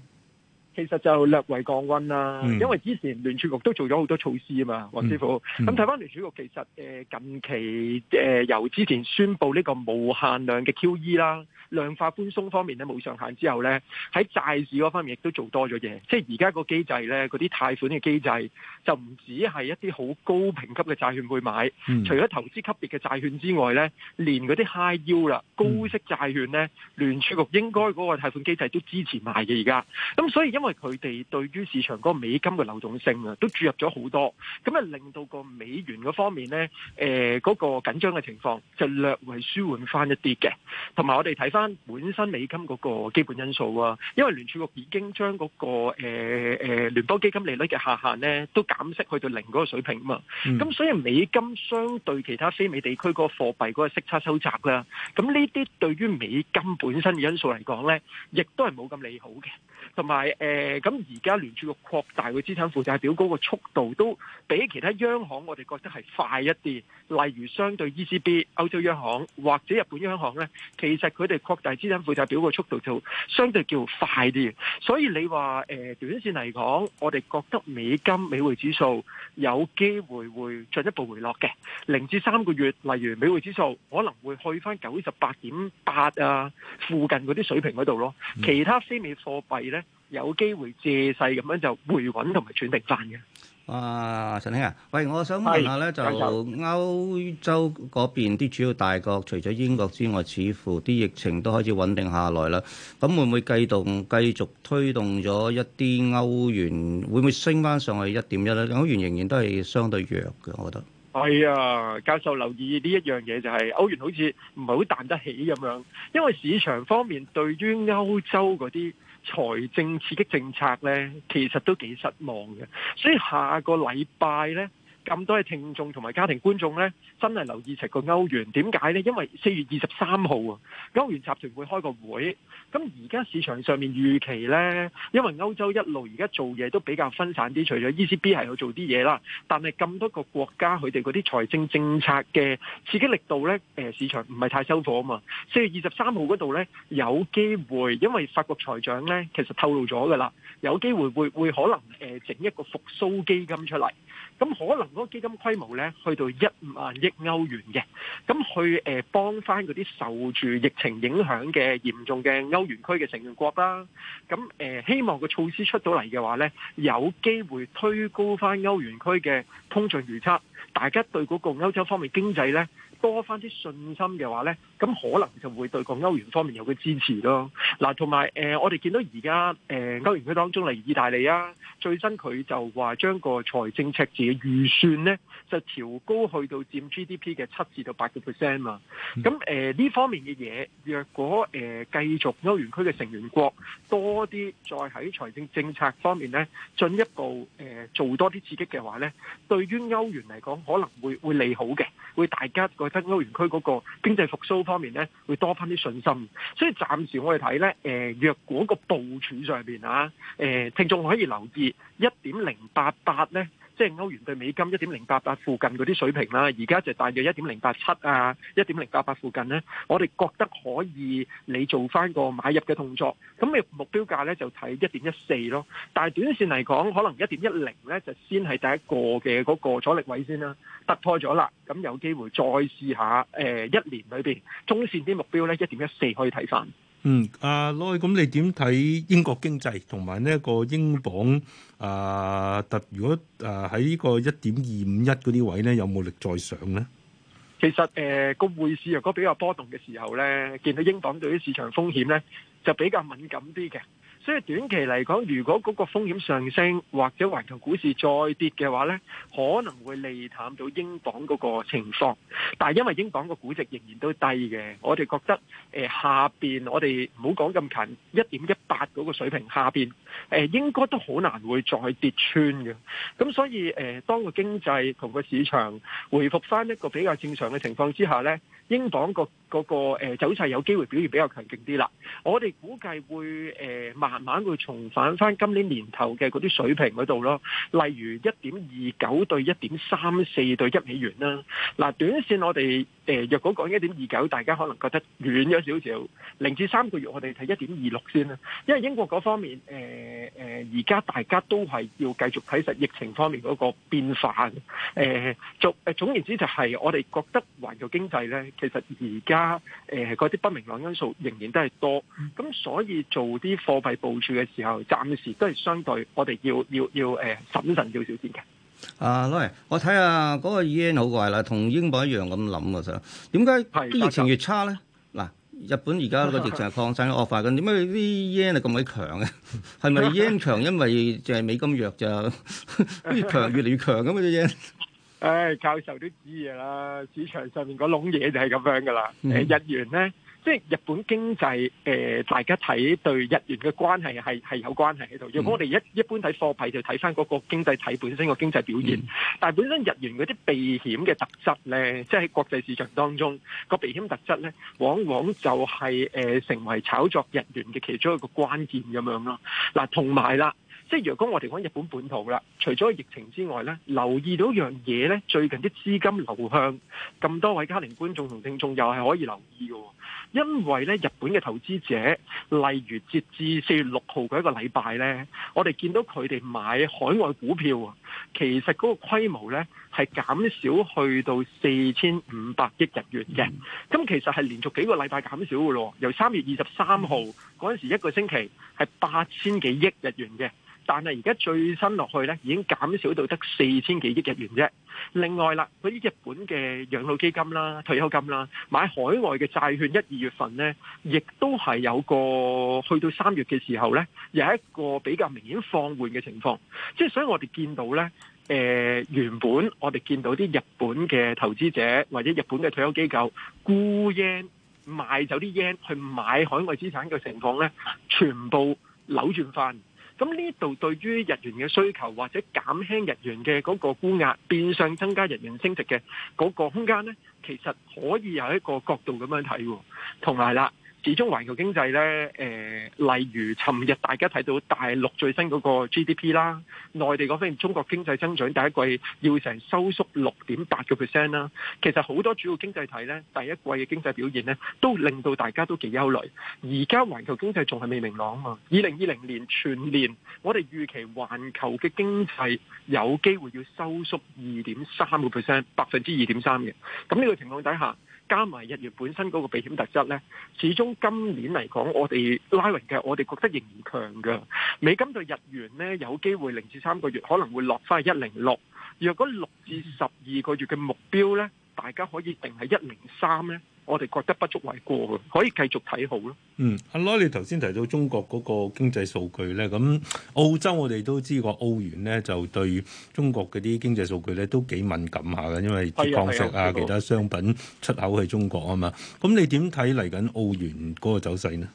其實就略為降溫啦，因為之前聯儲局都做咗好多措施啊嘛，黃師傅。咁睇翻聯儲局，其實誒近期誒由之前宣布呢個無限量嘅 QE 啦。量化寬鬆方面咧冇上限之後咧，喺債市嗰方面亦都做多咗嘢，即係而家個機制咧，嗰啲貸款嘅機制就唔止係一啲好高評級嘅債券會買，除咗投資級別嘅債券之外咧，連嗰啲 High Yield 啦、高息債券咧，聯儲局應該嗰個貸款機制都支持買嘅而家。咁所以因為佢哋對於市場嗰美金嘅流動性啊，都注入咗好多，咁啊令到個美元嗰方面咧，誒嗰個緊張嘅情況就略為舒緩翻一啲嘅，同埋我哋睇。本身美金嗰個基本因素啊，因為聯儲局已經將嗰、嗰個誒誒聯邦基金利率嘅下限咧，都減息去到零嗰個水平啊嘛。咁、嗯、所以美金相對其他非美地區嗰個貨幣嗰個息差收窄啦。咁呢啲對於美金本身嘅因素嚟講咧，亦都係冇咁利好嘅。同埋誒咁而家、呃、聯儲局擴大嘅資產負債表嗰個速度，都比其他央行我哋覺得係快一啲。例如相對 ECB 歐洲央行或者日本央行咧，其實佢哋。擴大資產負債表嘅速度就相對叫快啲，所以你話誒、呃、短線嚟講，我哋覺得美金美匯指數有機會會進一步回落嘅，零至三個月，例如美匯指數可能會去返九十八點八啊附近嗰啲水平嗰度咯，其他非美貨幣呢？有機會借勢咁樣就回穩同埋轉跌賺嘅。啊，陳生啊，喂，我想問下咧，就歐洲嗰邊啲主要大國，除咗英國之外，似乎啲疫情都開始穩定下來啦。咁會唔會繼續繼續推動咗一啲歐元？會唔會升翻上去一點一咧？歐元仍然都係相對弱嘅，我覺得。係啊，教授留意呢一樣嘢就係歐元好似唔係好彈得起咁樣，因為市場方面對於歐洲嗰啲。財政刺激政策咧，其實都幾失望嘅，所以下個禮拜咧。咁多嘅聽眾同埋家庭觀眾呢，真係留意齊個歐元點解呢？因為四月二十三號啊，歐元集團會開個會。咁而家市場上面預期呢，因為歐洲一路而家做嘢都比較分散啲，除咗 ECB 係去做啲嘢啦，但係咁多個國家佢哋嗰啲財政政策嘅刺激力度呢，誒、呃、市場唔係太收火啊嘛。四月二十三號嗰度呢，有機會，因為法國財長呢其實透露咗噶啦，有機會會，會可能誒、呃、整一個復甦基金出嚟。咁可能嗰個基金規模呢，去到一萬億歐元嘅，咁去誒、呃、幫翻嗰啲受住疫情影響嘅嚴重嘅歐元區嘅成員國啦。咁誒、呃、希望個措施出到嚟嘅話呢，有機會推高翻歐元區嘅通脹預測，大家對嗰個歐洲方面經濟呢。多翻啲信心嘅話，呢咁可能就會對個歐元方面有個支持咯。嗱，同埋誒，我哋見到而家誒歐元區當中例如意大利啊，最新佢就話將個財政赤字嘅預算呢，就調高去到佔 GDP 嘅七至到八個 percent 嘛。咁誒呢方面嘅嘢，若果誒繼、呃、續歐元區嘅成員國多啲再喺財政政策方面呢進一步誒、呃、做多啲刺激嘅話呢對於歐元嚟講可能會會利好嘅，會大家歐元區嗰個經濟復甦方面咧，會多翻啲信心，所以暫時我哋睇咧，誒、呃、若果個部署上邊啊，誒聽眾可以留意一點零八八咧。即係歐元對美金一點零八八附近嗰啲水平啦，而家就大約一點零八七啊、一點零八八附近呢。我哋覺得可以你做翻個買入嘅動作，咁你目標價呢就睇一點一四咯。但係短線嚟講，可能一點一零呢就先係第一個嘅嗰個阻力位先啦，突破咗啦，咁有機會再試下誒、呃、一年裏邊中線啲目標呢一點一四可以睇翻。嗯，阿 Lo，咁你點睇英國經濟同埋呢個英鎊啊？特如果啊喺呢個一點二五一嗰啲位咧，有冇力再上咧？其實誒個匯市若果比較波動嘅時候咧，見到英鎊對於市場風險咧就比較敏感啲嘅。所以短期嚟講，如果嗰個風險上升或者環球股市再跌嘅話，咧，可能會利淡到英鎊嗰個情況。但係因為英鎊個估值，仍然都低嘅，我哋覺得誒、呃、下邊，我哋唔好講咁近一點一八嗰個水平下邊誒、呃、應該都好難會再跌穿嘅。咁所以誒、呃、當個經濟同個市場回復翻一個比較正常嘅情況之下咧，英鎊個。嗰個誒走勢有機會表現比較強勁啲啦，我哋估計會誒慢慢會重返翻今年年頭嘅嗰啲水平嗰度咯，例如一點二九兌一點三四兌一美元啦，嗱短綫我哋。誒，若果講一點二九，大家可能覺得遠咗少少。零至三個月，我哋睇一點二六先啦。因為英國嗰方面，誒、呃、誒，而、呃、家大家都係要繼續睇實疫情方面嗰個變化。誒、呃呃，總誒總言之，就係我哋覺得環球經濟咧，其實而家誒嗰啲不明朗因素仍然都係多。咁所以做啲貨幣部署嘅時候，暫時都係相對我哋要要要誒審、呃、慎少少先嘅。啊，我睇下嗰個 yen 好怪啦，同英國一樣咁諗噶咋，點解疫情越差咧？嗱，日本而家個疫情係擴散惡化緊，點解啲 yen 係咁鬼強嘅？係咪 yen 強因為淨係美金弱就？啲強越嚟越強咁嘅 yen？唉，教授都知啦，市場上面嗰籠嘢就係咁樣噶啦。誒，日元咧。即係日本經濟，誒、呃、大家睇對日元嘅關係係係有關係喺度。如果我哋一一般睇貨幣，就睇翻嗰個經濟體本身個經濟表現。嗯、但係本身日元嗰啲避險嘅特質咧，即係喺國際市場當中、個避險特質咧，往往就係、是、誒、呃、成為炒作日元嘅其中一個關鍵咁樣咯。嗱、啊，同埋啦，即係如果我哋講日本本土啦，除咗疫情之外咧，留意到樣嘢咧，最近啲資金流向咁多位家庭觀眾同聽眾又係可以留意嘅。因為咧，日本嘅投資者，例如截至四月六號嘅一個禮拜咧，我哋見到佢哋買海外股票，啊，其實嗰個規模咧係減少去到四千五百億日元嘅。咁其實係連續幾個禮拜減少嘅咯，由三月二十三號嗰陣時一個星期係八千幾億日元嘅。但係而家最新落去咧，已經減少到得四千幾億日元啫。另外啦，嗰啲日本嘅養老基金啦、退休金啦，買海外嘅債券，一二月份咧，亦都係有個去到三月嘅時候咧，有一個比較明顯放緩嘅情況。即係所以我哋見到咧，誒原本我哋見到啲日本嘅投資者或者日本嘅退休機構沽 yen 賣走啲 yen 去買海外資產嘅情況咧，全部扭轉返。咁呢度對於日元嘅需求，或者減輕日元嘅嗰個估壓，變相增加日元升值嘅嗰個空間呢，其實可以有一個角度咁樣睇，同埋啦。始終環球經濟咧，誒、呃，例如尋日大家睇到大陸最新嗰個 GDP 啦，內地嗰方面中國經濟增長第一季要成收縮六點八個 percent 啦。其實好多主要經濟體咧，第一季嘅經濟表現咧，都令到大家都幾憂慮。而家環球經濟仲係未明朗啊嘛。二零二零年全年，我哋預期環球嘅經濟有機會要收縮二點三個 percent，百分之二點三嘅。咁呢個情況底下，加埋日元本身嗰個避險特質呢，始終今年嚟講，我哋拉運嘅，我哋覺得仍然強㗎。美金對日元呢，有機會零至三個月可能會落返一零六。若果六至十二個月嘅目標呢，大家可以定係一零三呢。我哋覺得不足為過嘅，可以繼續睇好咯。嗯，阿 Lo 你頭先提到中國嗰個經濟數據咧，咁澳洲我哋都知個澳元咧就對中國嗰啲經濟數據咧都幾敏感下嘅，因為礦石啊其他商品出口去中國啊嘛。咁你點睇嚟緊澳元嗰個走勢呢？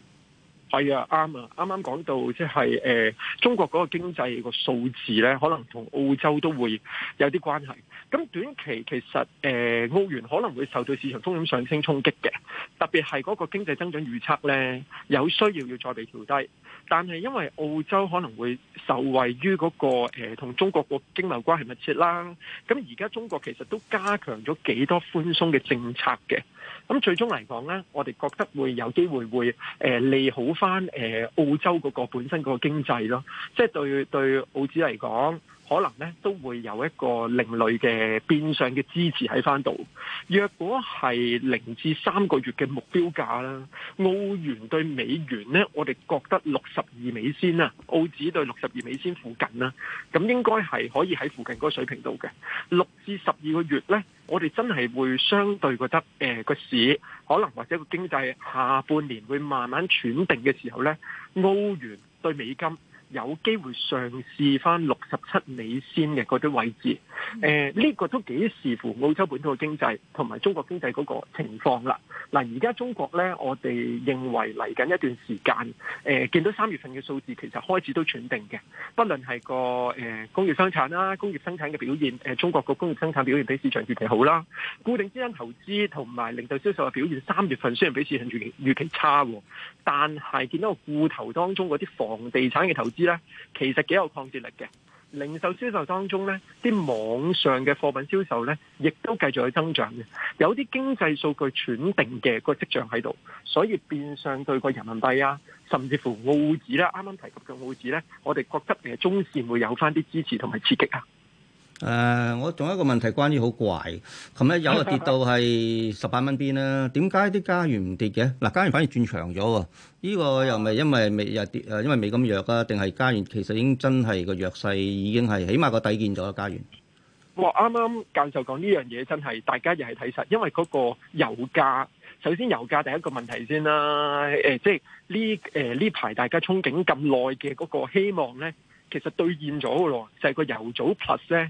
係啊，啱啊！啱啱講到即係誒中國嗰個經濟個數字咧，可能同澳洲都會有啲關係。咁短期其實誒、呃、澳元可能會受到市場風險上升衝擊嘅，特別係嗰個經濟增長預測咧，有需要要再被調低。但係因為澳洲可能會受惠於嗰、那個誒同、呃、中國個經貿關係密切啦，咁而家中國其實都加強咗幾多寬鬆嘅政策嘅，咁最終嚟講咧，我哋覺得會有機會會誒、呃、利好翻誒、呃、澳洲嗰個本身嗰個經濟咯，即係對對澳紙嚟講。可能咧都會有一個另類嘅變相嘅支持喺翻度。若果係零至三個月嘅目標價啦，澳元對美元咧，我哋覺得六十二美仙啊，澳紙對六十二美仙附近啦，咁應該係可以喺附近嗰個水平度嘅。六至十二個月咧，我哋真係會相對覺得誒個、呃、市可能或者個經濟下半年會慢慢喘定嘅時候咧，澳元對美金，有機會嘗試翻六十七美仙嘅嗰啲位置。誒，呢、嗯、呃這個都幾視乎澳洲本土嘅經濟同埋中國經濟嗰個情況啦。嗱、呃，而家中國呢，我哋認為嚟緊一段時間，誒、呃，見到三月份嘅數字其實開始都喘定嘅。不論係個誒工業生產啦、工業生產嘅表現，誒、呃，中國個工業生產表現比市場預期好啦。固定資產投資同埋零售銷售嘅表現，三月份雖然比市場預期預期差，但係見到個固投當中嗰啲房地產嘅投資呢，其實幾有抗跌力嘅。零售銷售當中呢，啲網上嘅貨品銷售呢，亦都繼續去增長嘅。有啲經濟數據斷定嘅個跡象喺度，所以變相對個人民幣啊，甚至乎澳紙啦，啱啱提及嘅澳紙呢，我哋覺得其實中線會有翻啲支持同埋刺激啊。誒，我仲有一個問題，關於好怪，琴日有個跌到係十八蚊邊啦，點解啲加元唔跌嘅？嗱，加元反而轉強咗喎，呢個又咪因為美日跌誒，因為美金弱啊，定係加元其實已經真係個弱勢已經係，起碼個底見咗加元。哇！啱啱教授講呢樣嘢真係，大家又係睇實，因為嗰個油價，首先油價第一個問題先啦，誒，即係呢誒呢排大家憧憬咁耐嘅嗰個希望咧，其實兌現咗嘅咯，就係個油組 plus。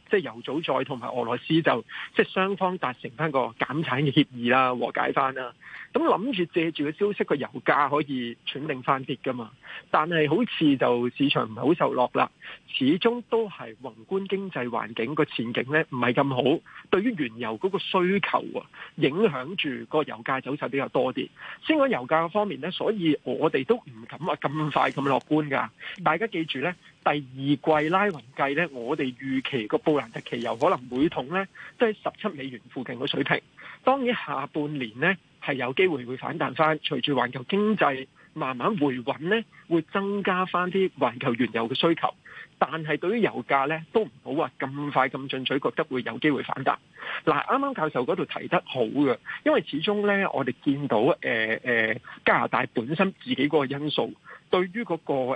即係油組再同埋俄羅斯就即係雙方達成翻個減產嘅協議啦，和解翻啦。咁諗住借住個消息，個油價可以喘定翻跌噶嘛。但係好似就市場唔係好受落啦，始終都係宏觀經濟環境個前景咧唔係咁好。對於原油嗰個需求啊，影響住個油價走勢比較多啲。先講油價方面咧，所以我哋都唔敢話咁快咁樂觀㗎。大家記住咧，第二季拉雲計咧，我哋預期個報。近期油可能每桶呢都係十七美元附近嘅水平，當然下半年呢係有機會會反彈翻，隨住環球經濟慢慢回穩呢會增加翻啲環球原油嘅需求，但係對於油價呢都唔好話咁快咁進取，覺得會有機會反彈。嗱、啊，啱啱教授嗰度提得好嘅，因為始終呢我哋見到誒誒、呃呃、加拿大本身自己嗰個因素。對於嗰、那個誒、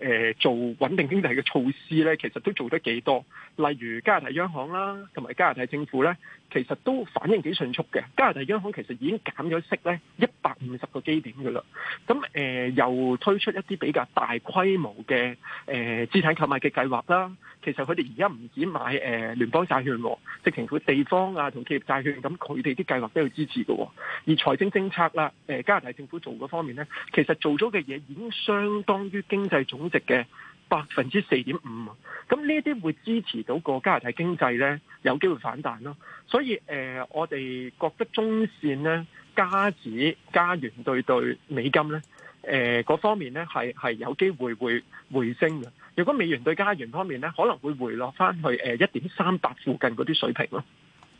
呃、做穩定經濟嘅措施咧，其實都做得幾多。例如加拿大央行啦，同埋加拿大政府咧，其實都反應幾迅速嘅。加拿大央行其實已經減咗息咧一百五十個基點㗎喇。咁、嗯、誒、呃、又推出一啲比較大規模嘅誒資產購買嘅計劃啦。其實佢哋而家唔止買誒聯、呃、邦債券、哦，直情佢地方啊同企業債券，咁佢哋啲計劃都要支持㗎、哦。而財政政策啦，誒、呃、加拿大政府做嘅方面咧，其實做咗嘅嘢已經相當於經濟總值嘅百分之四點五啊！咁呢啲會支持到個加拿大經濟呢，有機會反彈咯。所以誒、呃，我哋覺得中線呢，加指加元對對美金呢，誒、呃、嗰方面呢係係有機會會回升嘅。如果美元對加元方面呢，可能會回落翻去誒一點三八附近嗰啲水平咯。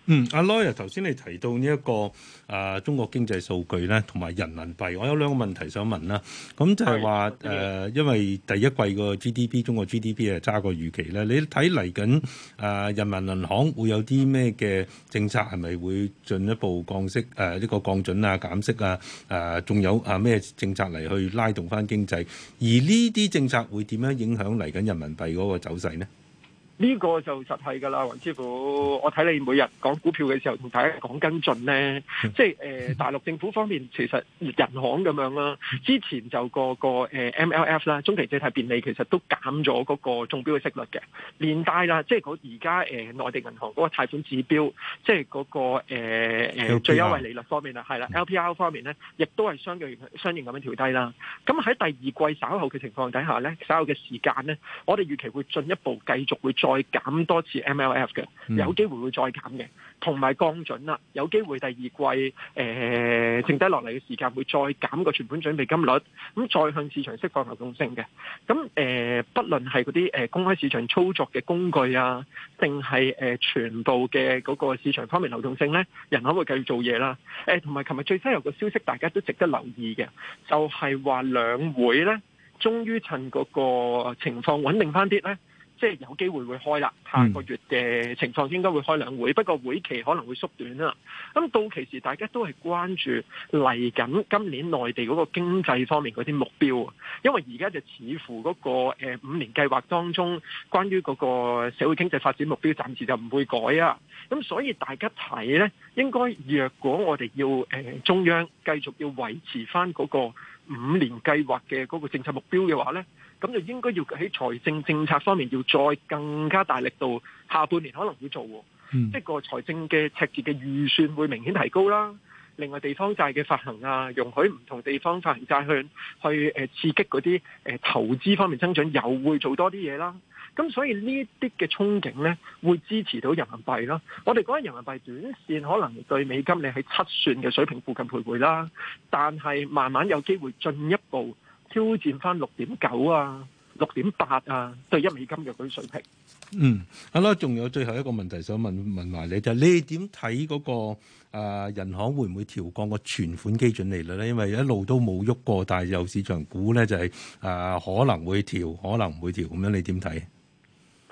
嗯，阿 Loyer，頭先你提到呢、這、一個誒、呃、中國經濟數據咧，同埋人民幣，我有兩個問題想問啦。咁就係話誒，因為第一季個 GDP，中國 GDP 係差過預期咧。你睇嚟緊誒人民銀行會有啲咩嘅政策，係咪會進一步降息誒？呢、呃這個降準啊、減息啊，誒、呃、仲有啊咩政策嚟去拉動翻經濟？而呢啲政策會點樣影響嚟緊人民幣嗰個走勢呢？呢個就實係㗎啦，黃師傅。我睇你每日講股票嘅時候，同大家講跟進咧，即係誒大陸政府方面，其實人行咁樣啦。之前就個個誒 MLF 啦，中期借貸便利其實都減咗嗰個中標嘅息率嘅。連帶啦，即係而家誒內地銀行嗰個貸款指標，即係嗰個誒最優惠利率方面啦，係啦，LPR 方面咧，亦都係相對相應咁樣調低啦。咁喺第二季稍後嘅情況底下咧，稍後嘅時間咧，我哋預期會進一步繼續會。再減多次 MLF 嘅，有機會會再減嘅，同埋降準啦，有機會第二季誒、呃、剩低落嚟嘅時間會再減個存款準備金率，咁再向市場釋放流動性嘅。咁誒、呃，不論係嗰啲誒公開市場操作嘅工具啊，定係誒全部嘅嗰個市場方面流動性咧，人口會繼續做嘢啦。誒、呃，同埋琴日最新有個消息，大家都值得留意嘅，就係話兩會咧，終於趁嗰個情況穩定翻啲咧。即係有機會會開啦，下個月嘅情況應該會開兩會，不過會期可能會縮短啦。咁到期時，大家都係關注嚟緊今年內地嗰個經濟方面嗰啲目標，因為而家就似乎嗰個誒五年計劃當中，關於嗰個社會經濟發展目標暫時就唔會改啊。咁所以大家睇咧，應該若果我哋要誒中央繼續要維持翻嗰個五年計劃嘅嗰個政策目標嘅話咧，咁就應該要喺財政政策方面要再更加大力度，下半年可能會做，即係個財政嘅赤字嘅預算會明顯提高啦。另外地方債嘅發行啊，容許唔同地方發行債券去誒刺激嗰啲誒投資方面增長，又會做多啲嘢啦。咁所以呢啲嘅憧憬呢，會支持到人民幣咯。我哋講緊人民幣短線可能對美金你喺七算嘅水平附近徘徊啦，但係慢慢有機會進一步，挑戰翻六點九啊，六點八啊，對一美金嘅嗰啲水平。嗯，好啦，仲有最後一個問題想問問埋你，就係你點睇嗰個啊人行會唔會調降個存款基準利率咧？因為一路都冇喐過，但係有市場估咧就係啊可能會調，可能唔會調咁樣，你點睇？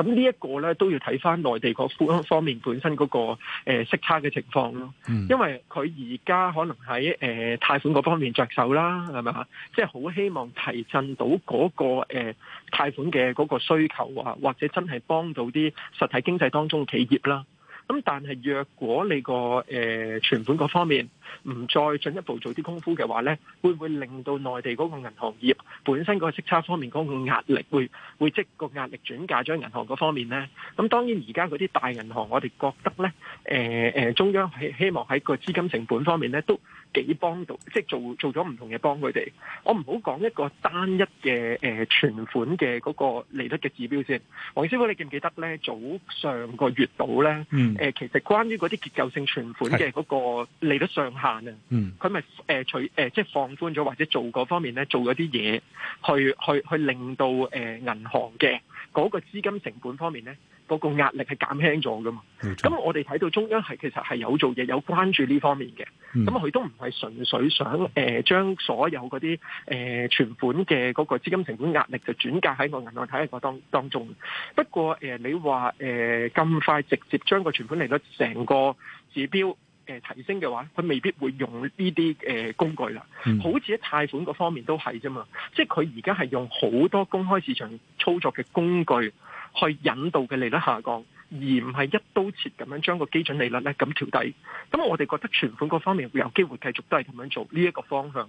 咁呢一個咧都要睇返內地個方方面本身嗰個呃、息差嘅情況咯，嗯、因為佢而家可能喺誒貸款嗰方面着手啦，係咪啊？即係好希望提振到嗰個誒貸呃、款嘅嗰個需求啊，或者真係幫到啲實體經濟當中嘅企業啦。咁但係若果你個誒存款，嗰方面唔再進一步做啲功夫嘅話呢，會唔會令到內地嗰個銀行業本身嗰個息差方面嗰個壓力會會即個壓力轉嫁咗銀行嗰方面呢？咁當然而家嗰啲大銀行，我哋覺得呢，誒、呃、誒，中央係希望喺個資金成本方面呢都。幾幫到，即係做做咗唔同嘢幫佢哋。我唔好講一個單一嘅誒、呃、存款嘅嗰個利率嘅指標先。黃師傅，你記唔記得咧？早上個月度咧，誒、嗯呃、其實關於嗰啲結構性存款嘅嗰個利率上限啊，佢咪誒取誒、呃、即係放寬咗，或者做嗰方面咧，做咗啲嘢去去去、去令到誒、呃、銀行嘅嗰個資金成本方面咧。嗰個壓力係減輕咗㗎嘛？咁，冇錯我哋睇到中央係其實係有做嘢，有關注呢方面嘅。咁佢、嗯、都唔係純粹想誒、呃、將所有嗰啲誒存款嘅嗰個資金成本壓力就轉嫁喺個銀行體系個當當中。不過誒、呃，你話誒咁快直接將個存款利率成個指標。嘅提升嘅話，佢未必會用呢啲嘅工具啦。好似喺貸款嗰方面都係啫嘛，即係佢而家係用好多公開市場操作嘅工具去引導嘅利率下降，而唔係一刀切咁樣將個基準利率咧咁調低。咁我哋覺得存款嗰方面會有機會繼續都係咁樣做呢一個方向。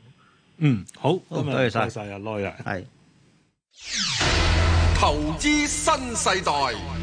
嗯，好，多謝曬啊，羅生，係投資新世代。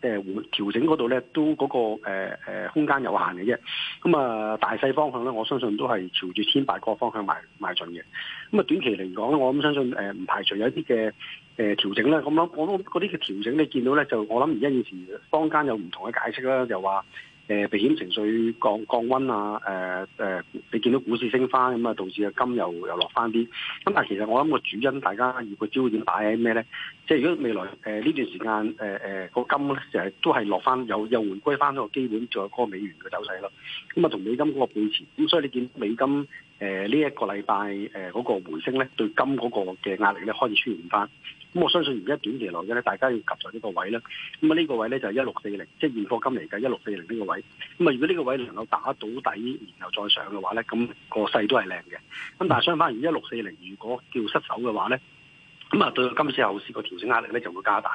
即係調整嗰度咧，都嗰、嗰個誒、呃、空間有限嘅啫。咁啊，大細方向咧，我相信都係朝住千百個方向邁邁進嘅。咁啊，短期嚟講咧，我諗相信誒唔排除有一啲嘅誒調整咧。咁樣我諗嗰啲嘅調整，你見到咧，就我諗而家現時坊間有唔同嘅解釋啦，就話。誒、呃、避險情緒降降溫啊。誒誒、呃呃，你見到股市升翻，咁啊導致個金又又落翻啲。咁但係其實我諗個主因，大家如個焦點擺喺咩咧？即係如果未來誒呢、呃、段時間誒誒個金成日都係落翻，有又迴歸翻嗰個基本，再嗰個美元嘅走勢咯。咁啊同美金嗰個背馳，咁所以你見美金誒呢一個禮拜誒嗰個回升咧，對金嗰個嘅壓力咧開始出現翻。咁我相信而家短期內嘅咧，大家要及在呢個位啦。咁啊，呢個位咧就係一六四零，即係現貨金嚟嘅一六四零呢個位。咁啊，如果呢個位能夠打到底，然後再上嘅話咧，咁、那個勢都係靚嘅。咁但係相反而，而一六四零如果叫失守嘅話咧，咁啊對今次後市個調整壓力咧就會加大。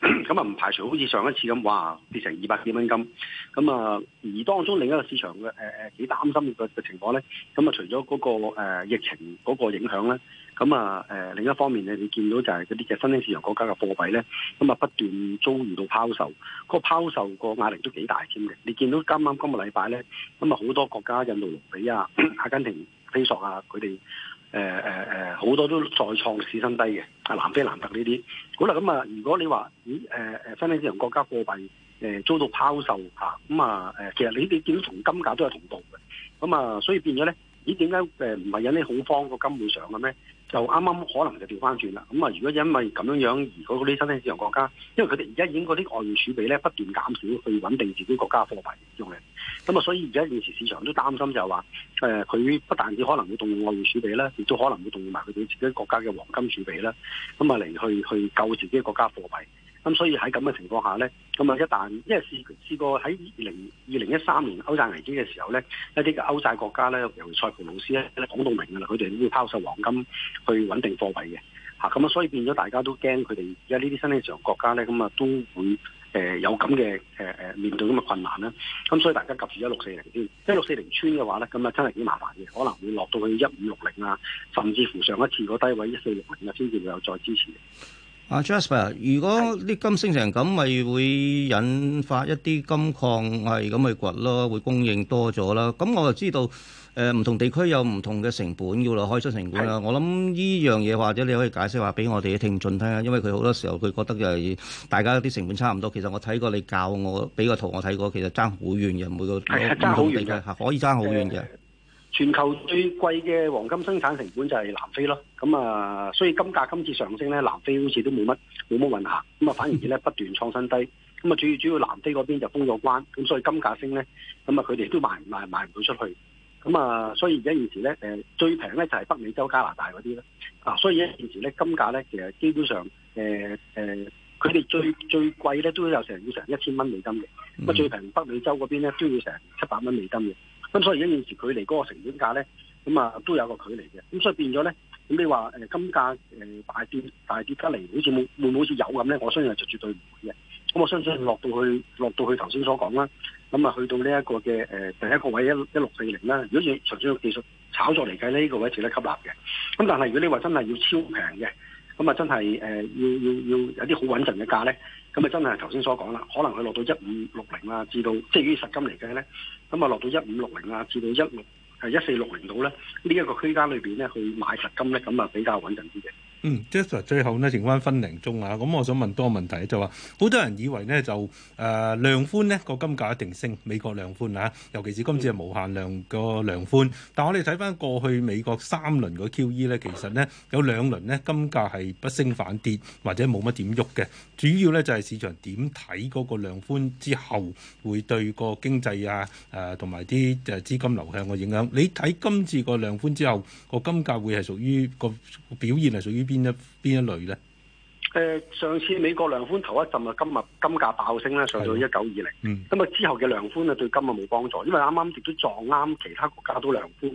咁啊唔排除好似上一次咁，哇跌成二百幾蚊金。咁啊，而當中另一個市場嘅誒誒幾擔心嘅嘅情況咧，咁啊除咗嗰、那個、呃、疫情嗰個影響咧。咁啊，誒、嗯、另一方面咧，你見到就係嗰啲嘅新興市場國家嘅貨幣咧，咁、嗯、啊不斷遭遇到拋售，嗰、那個拋售個壓力都幾大添嘅。你見到今晚今個禮拜咧，咁啊好多國家，印度盧比啊、阿、啊、根廷飛索啊，佢哋誒誒誒好多都再創市新低嘅。啊，南非、蘭特呢啲，好啦，咁、嗯、啊、嗯，如果你話咦誒誒、呃，新興市場國家貨幣誒遭、呃、到拋售嚇，咁啊誒、嗯，其實你你見到同金價都係同步嘅，咁、嗯、啊、嗯，所以變咗咧，咦點解誒唔係引起恐慌個金會上嘅咩？就啱啱可能就調翻轉啦，咁、嗯、啊，如果因為咁樣樣而嗰啲新興市場國家，因為佢哋而家已經嗰啲外匯儲備咧不斷減少，去穩定自己國家貨幣用嚟。咁、嗯、啊，所以而家現時市場都擔心就係話，誒、呃，佢不但止可能會動用外匯儲備咧，亦都可能會動用埋佢哋自己國家嘅黃金儲備咧，咁啊嚟去去救自己國家貨幣。咁、嗯、所以喺咁嘅情況下咧，咁啊一旦，因為試試過喺二零二零一三年歐債危機嘅時候咧，一啲嘅歐債國家咧，由塞浦路斯咧講到明噶啦，佢哋要拋售黃金去穩定貨幣嘅，嚇咁啊，所以變咗大家都驚佢哋而家呢啲新興市場國家咧，咁啊都會誒、呃、有咁嘅誒誒面對咁嘅困難啦。咁、啊、所以大家及住一六四零先，一六四零穿嘅話咧，咁啊真係幾麻煩嘅，可能會落到去一五六零啊，甚至乎上一次個低位一四六零啊，先至會有再支持。阿 Jasper 如果啲金升成咁，咪的會引發一啲金礦係咁去掘咯，會供應多咗啦。咁我就知道，誒、呃、唔同地區有唔同嘅成本噶啦，開出成本啦。的我諗呢樣嘢或者你可以解釋話俾我哋聽眾聽啊，因為佢好多時候佢覺得就係大家啲成本差唔多。其實我睇過你教我俾個圖我睇過，其實爭好遠嘅每個，係係爭好遠嘅，的可以爭好遠嘅。全球最貴嘅黃金生產成本就係南非咯，咁、嗯、啊，所以金價今次上升咧，南非好似都冇乜冇乜運行，咁啊，反而而家不斷創新低，咁啊，主要主要南非嗰邊就封咗關，咁所以金價升咧，咁啊，佢哋都賣賣賣唔到出去，咁、嗯、啊，所以而家現時咧誒最平咧就係北美洲加拿大嗰啲咧，啊，所以而家現時咧金價咧其實基本上誒誒，佢、呃、哋、呃、最最貴咧都有成要成一千蚊美金嘅，咁啊最平北美洲嗰邊咧都要成七百蚊美金嘅。咁、嗯、所以而現時距離嗰個成本價咧，咁、嗯、啊都有個距離嘅。咁、嗯、所以變咗咧，咁、嗯、你話誒金價誒大、呃、跌大跌得嚟，好似冇冇好似有咁咧？我相信係絕對唔會嘅。咁、嗯、我相信落到去落到去頭先所講啦，咁啊去到呢一、嗯、個嘅誒第一個位一一六四零啦。40, 如果要純粹用技術炒作嚟計，呢個位值得吸納嘅。咁、嗯、但係如果你話真係要超平嘅，咁啊真係誒、呃、要要要有啲好穩陣嘅價咧，咁啊真係頭先所講啦，可能佢落到一五六零啦，至到即係於實金嚟計咧。咁啊落到一五六零啊，至到一六係一四六零度咧，呢一個區間裏邊咧去買實金咧，咁啊比較穩陣啲嘅。嗯，Jasper 最後呢剩翻分零鐘啊，咁我想問多個問題就話，好多人以為呢就誒量寬呢個金價一定升，美國量寬啊，尤其是今次係無限量個量寬。但係我哋睇翻過去美國三輪個 QE 呢，其實呢有兩輪呢金價係不升反跌或者冇乜點喐嘅。主要呢就係市場點睇嗰個量寬之後會對個經濟啊誒同埋啲就資金流向個影響。你睇今次個量寬之後個金價會係屬於個表現係屬於邊？邊一邊一類咧？誒，上次美國量寬頭一浸啊，今日金價爆升啦，上到一九二零。咁、嗯、啊之後嘅量寬啊，對金啊冇幫助，因為啱啱亦都撞啱其他國家都量寬，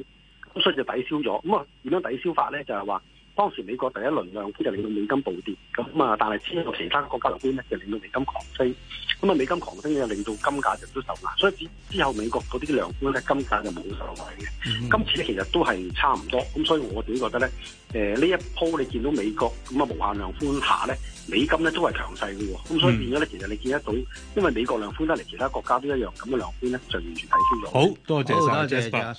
咁所以就抵消咗。咁啊，點樣抵消法咧？就係話。當時美國第一輪量寬就令到美金暴跌，咁啊，但係之後其他國家量寬咧就令到美金狂升，咁啊，美金狂升又令到金價就都受壓，所以之之後美國嗰啲量寬咧金價就冇受惠嘅。嗯、今次咧其實都係差唔多，咁所以我自己覺得咧，誒、呃、呢一波你見到美國咁啊無限量寬下咧，美金咧都係強勢嘅喎，咁所以變咗咧其實你見得到，因為美國量寬得嚟，其他國家都一樣，咁嘅量寬咧就完全睇清咗。好多謝，多謝。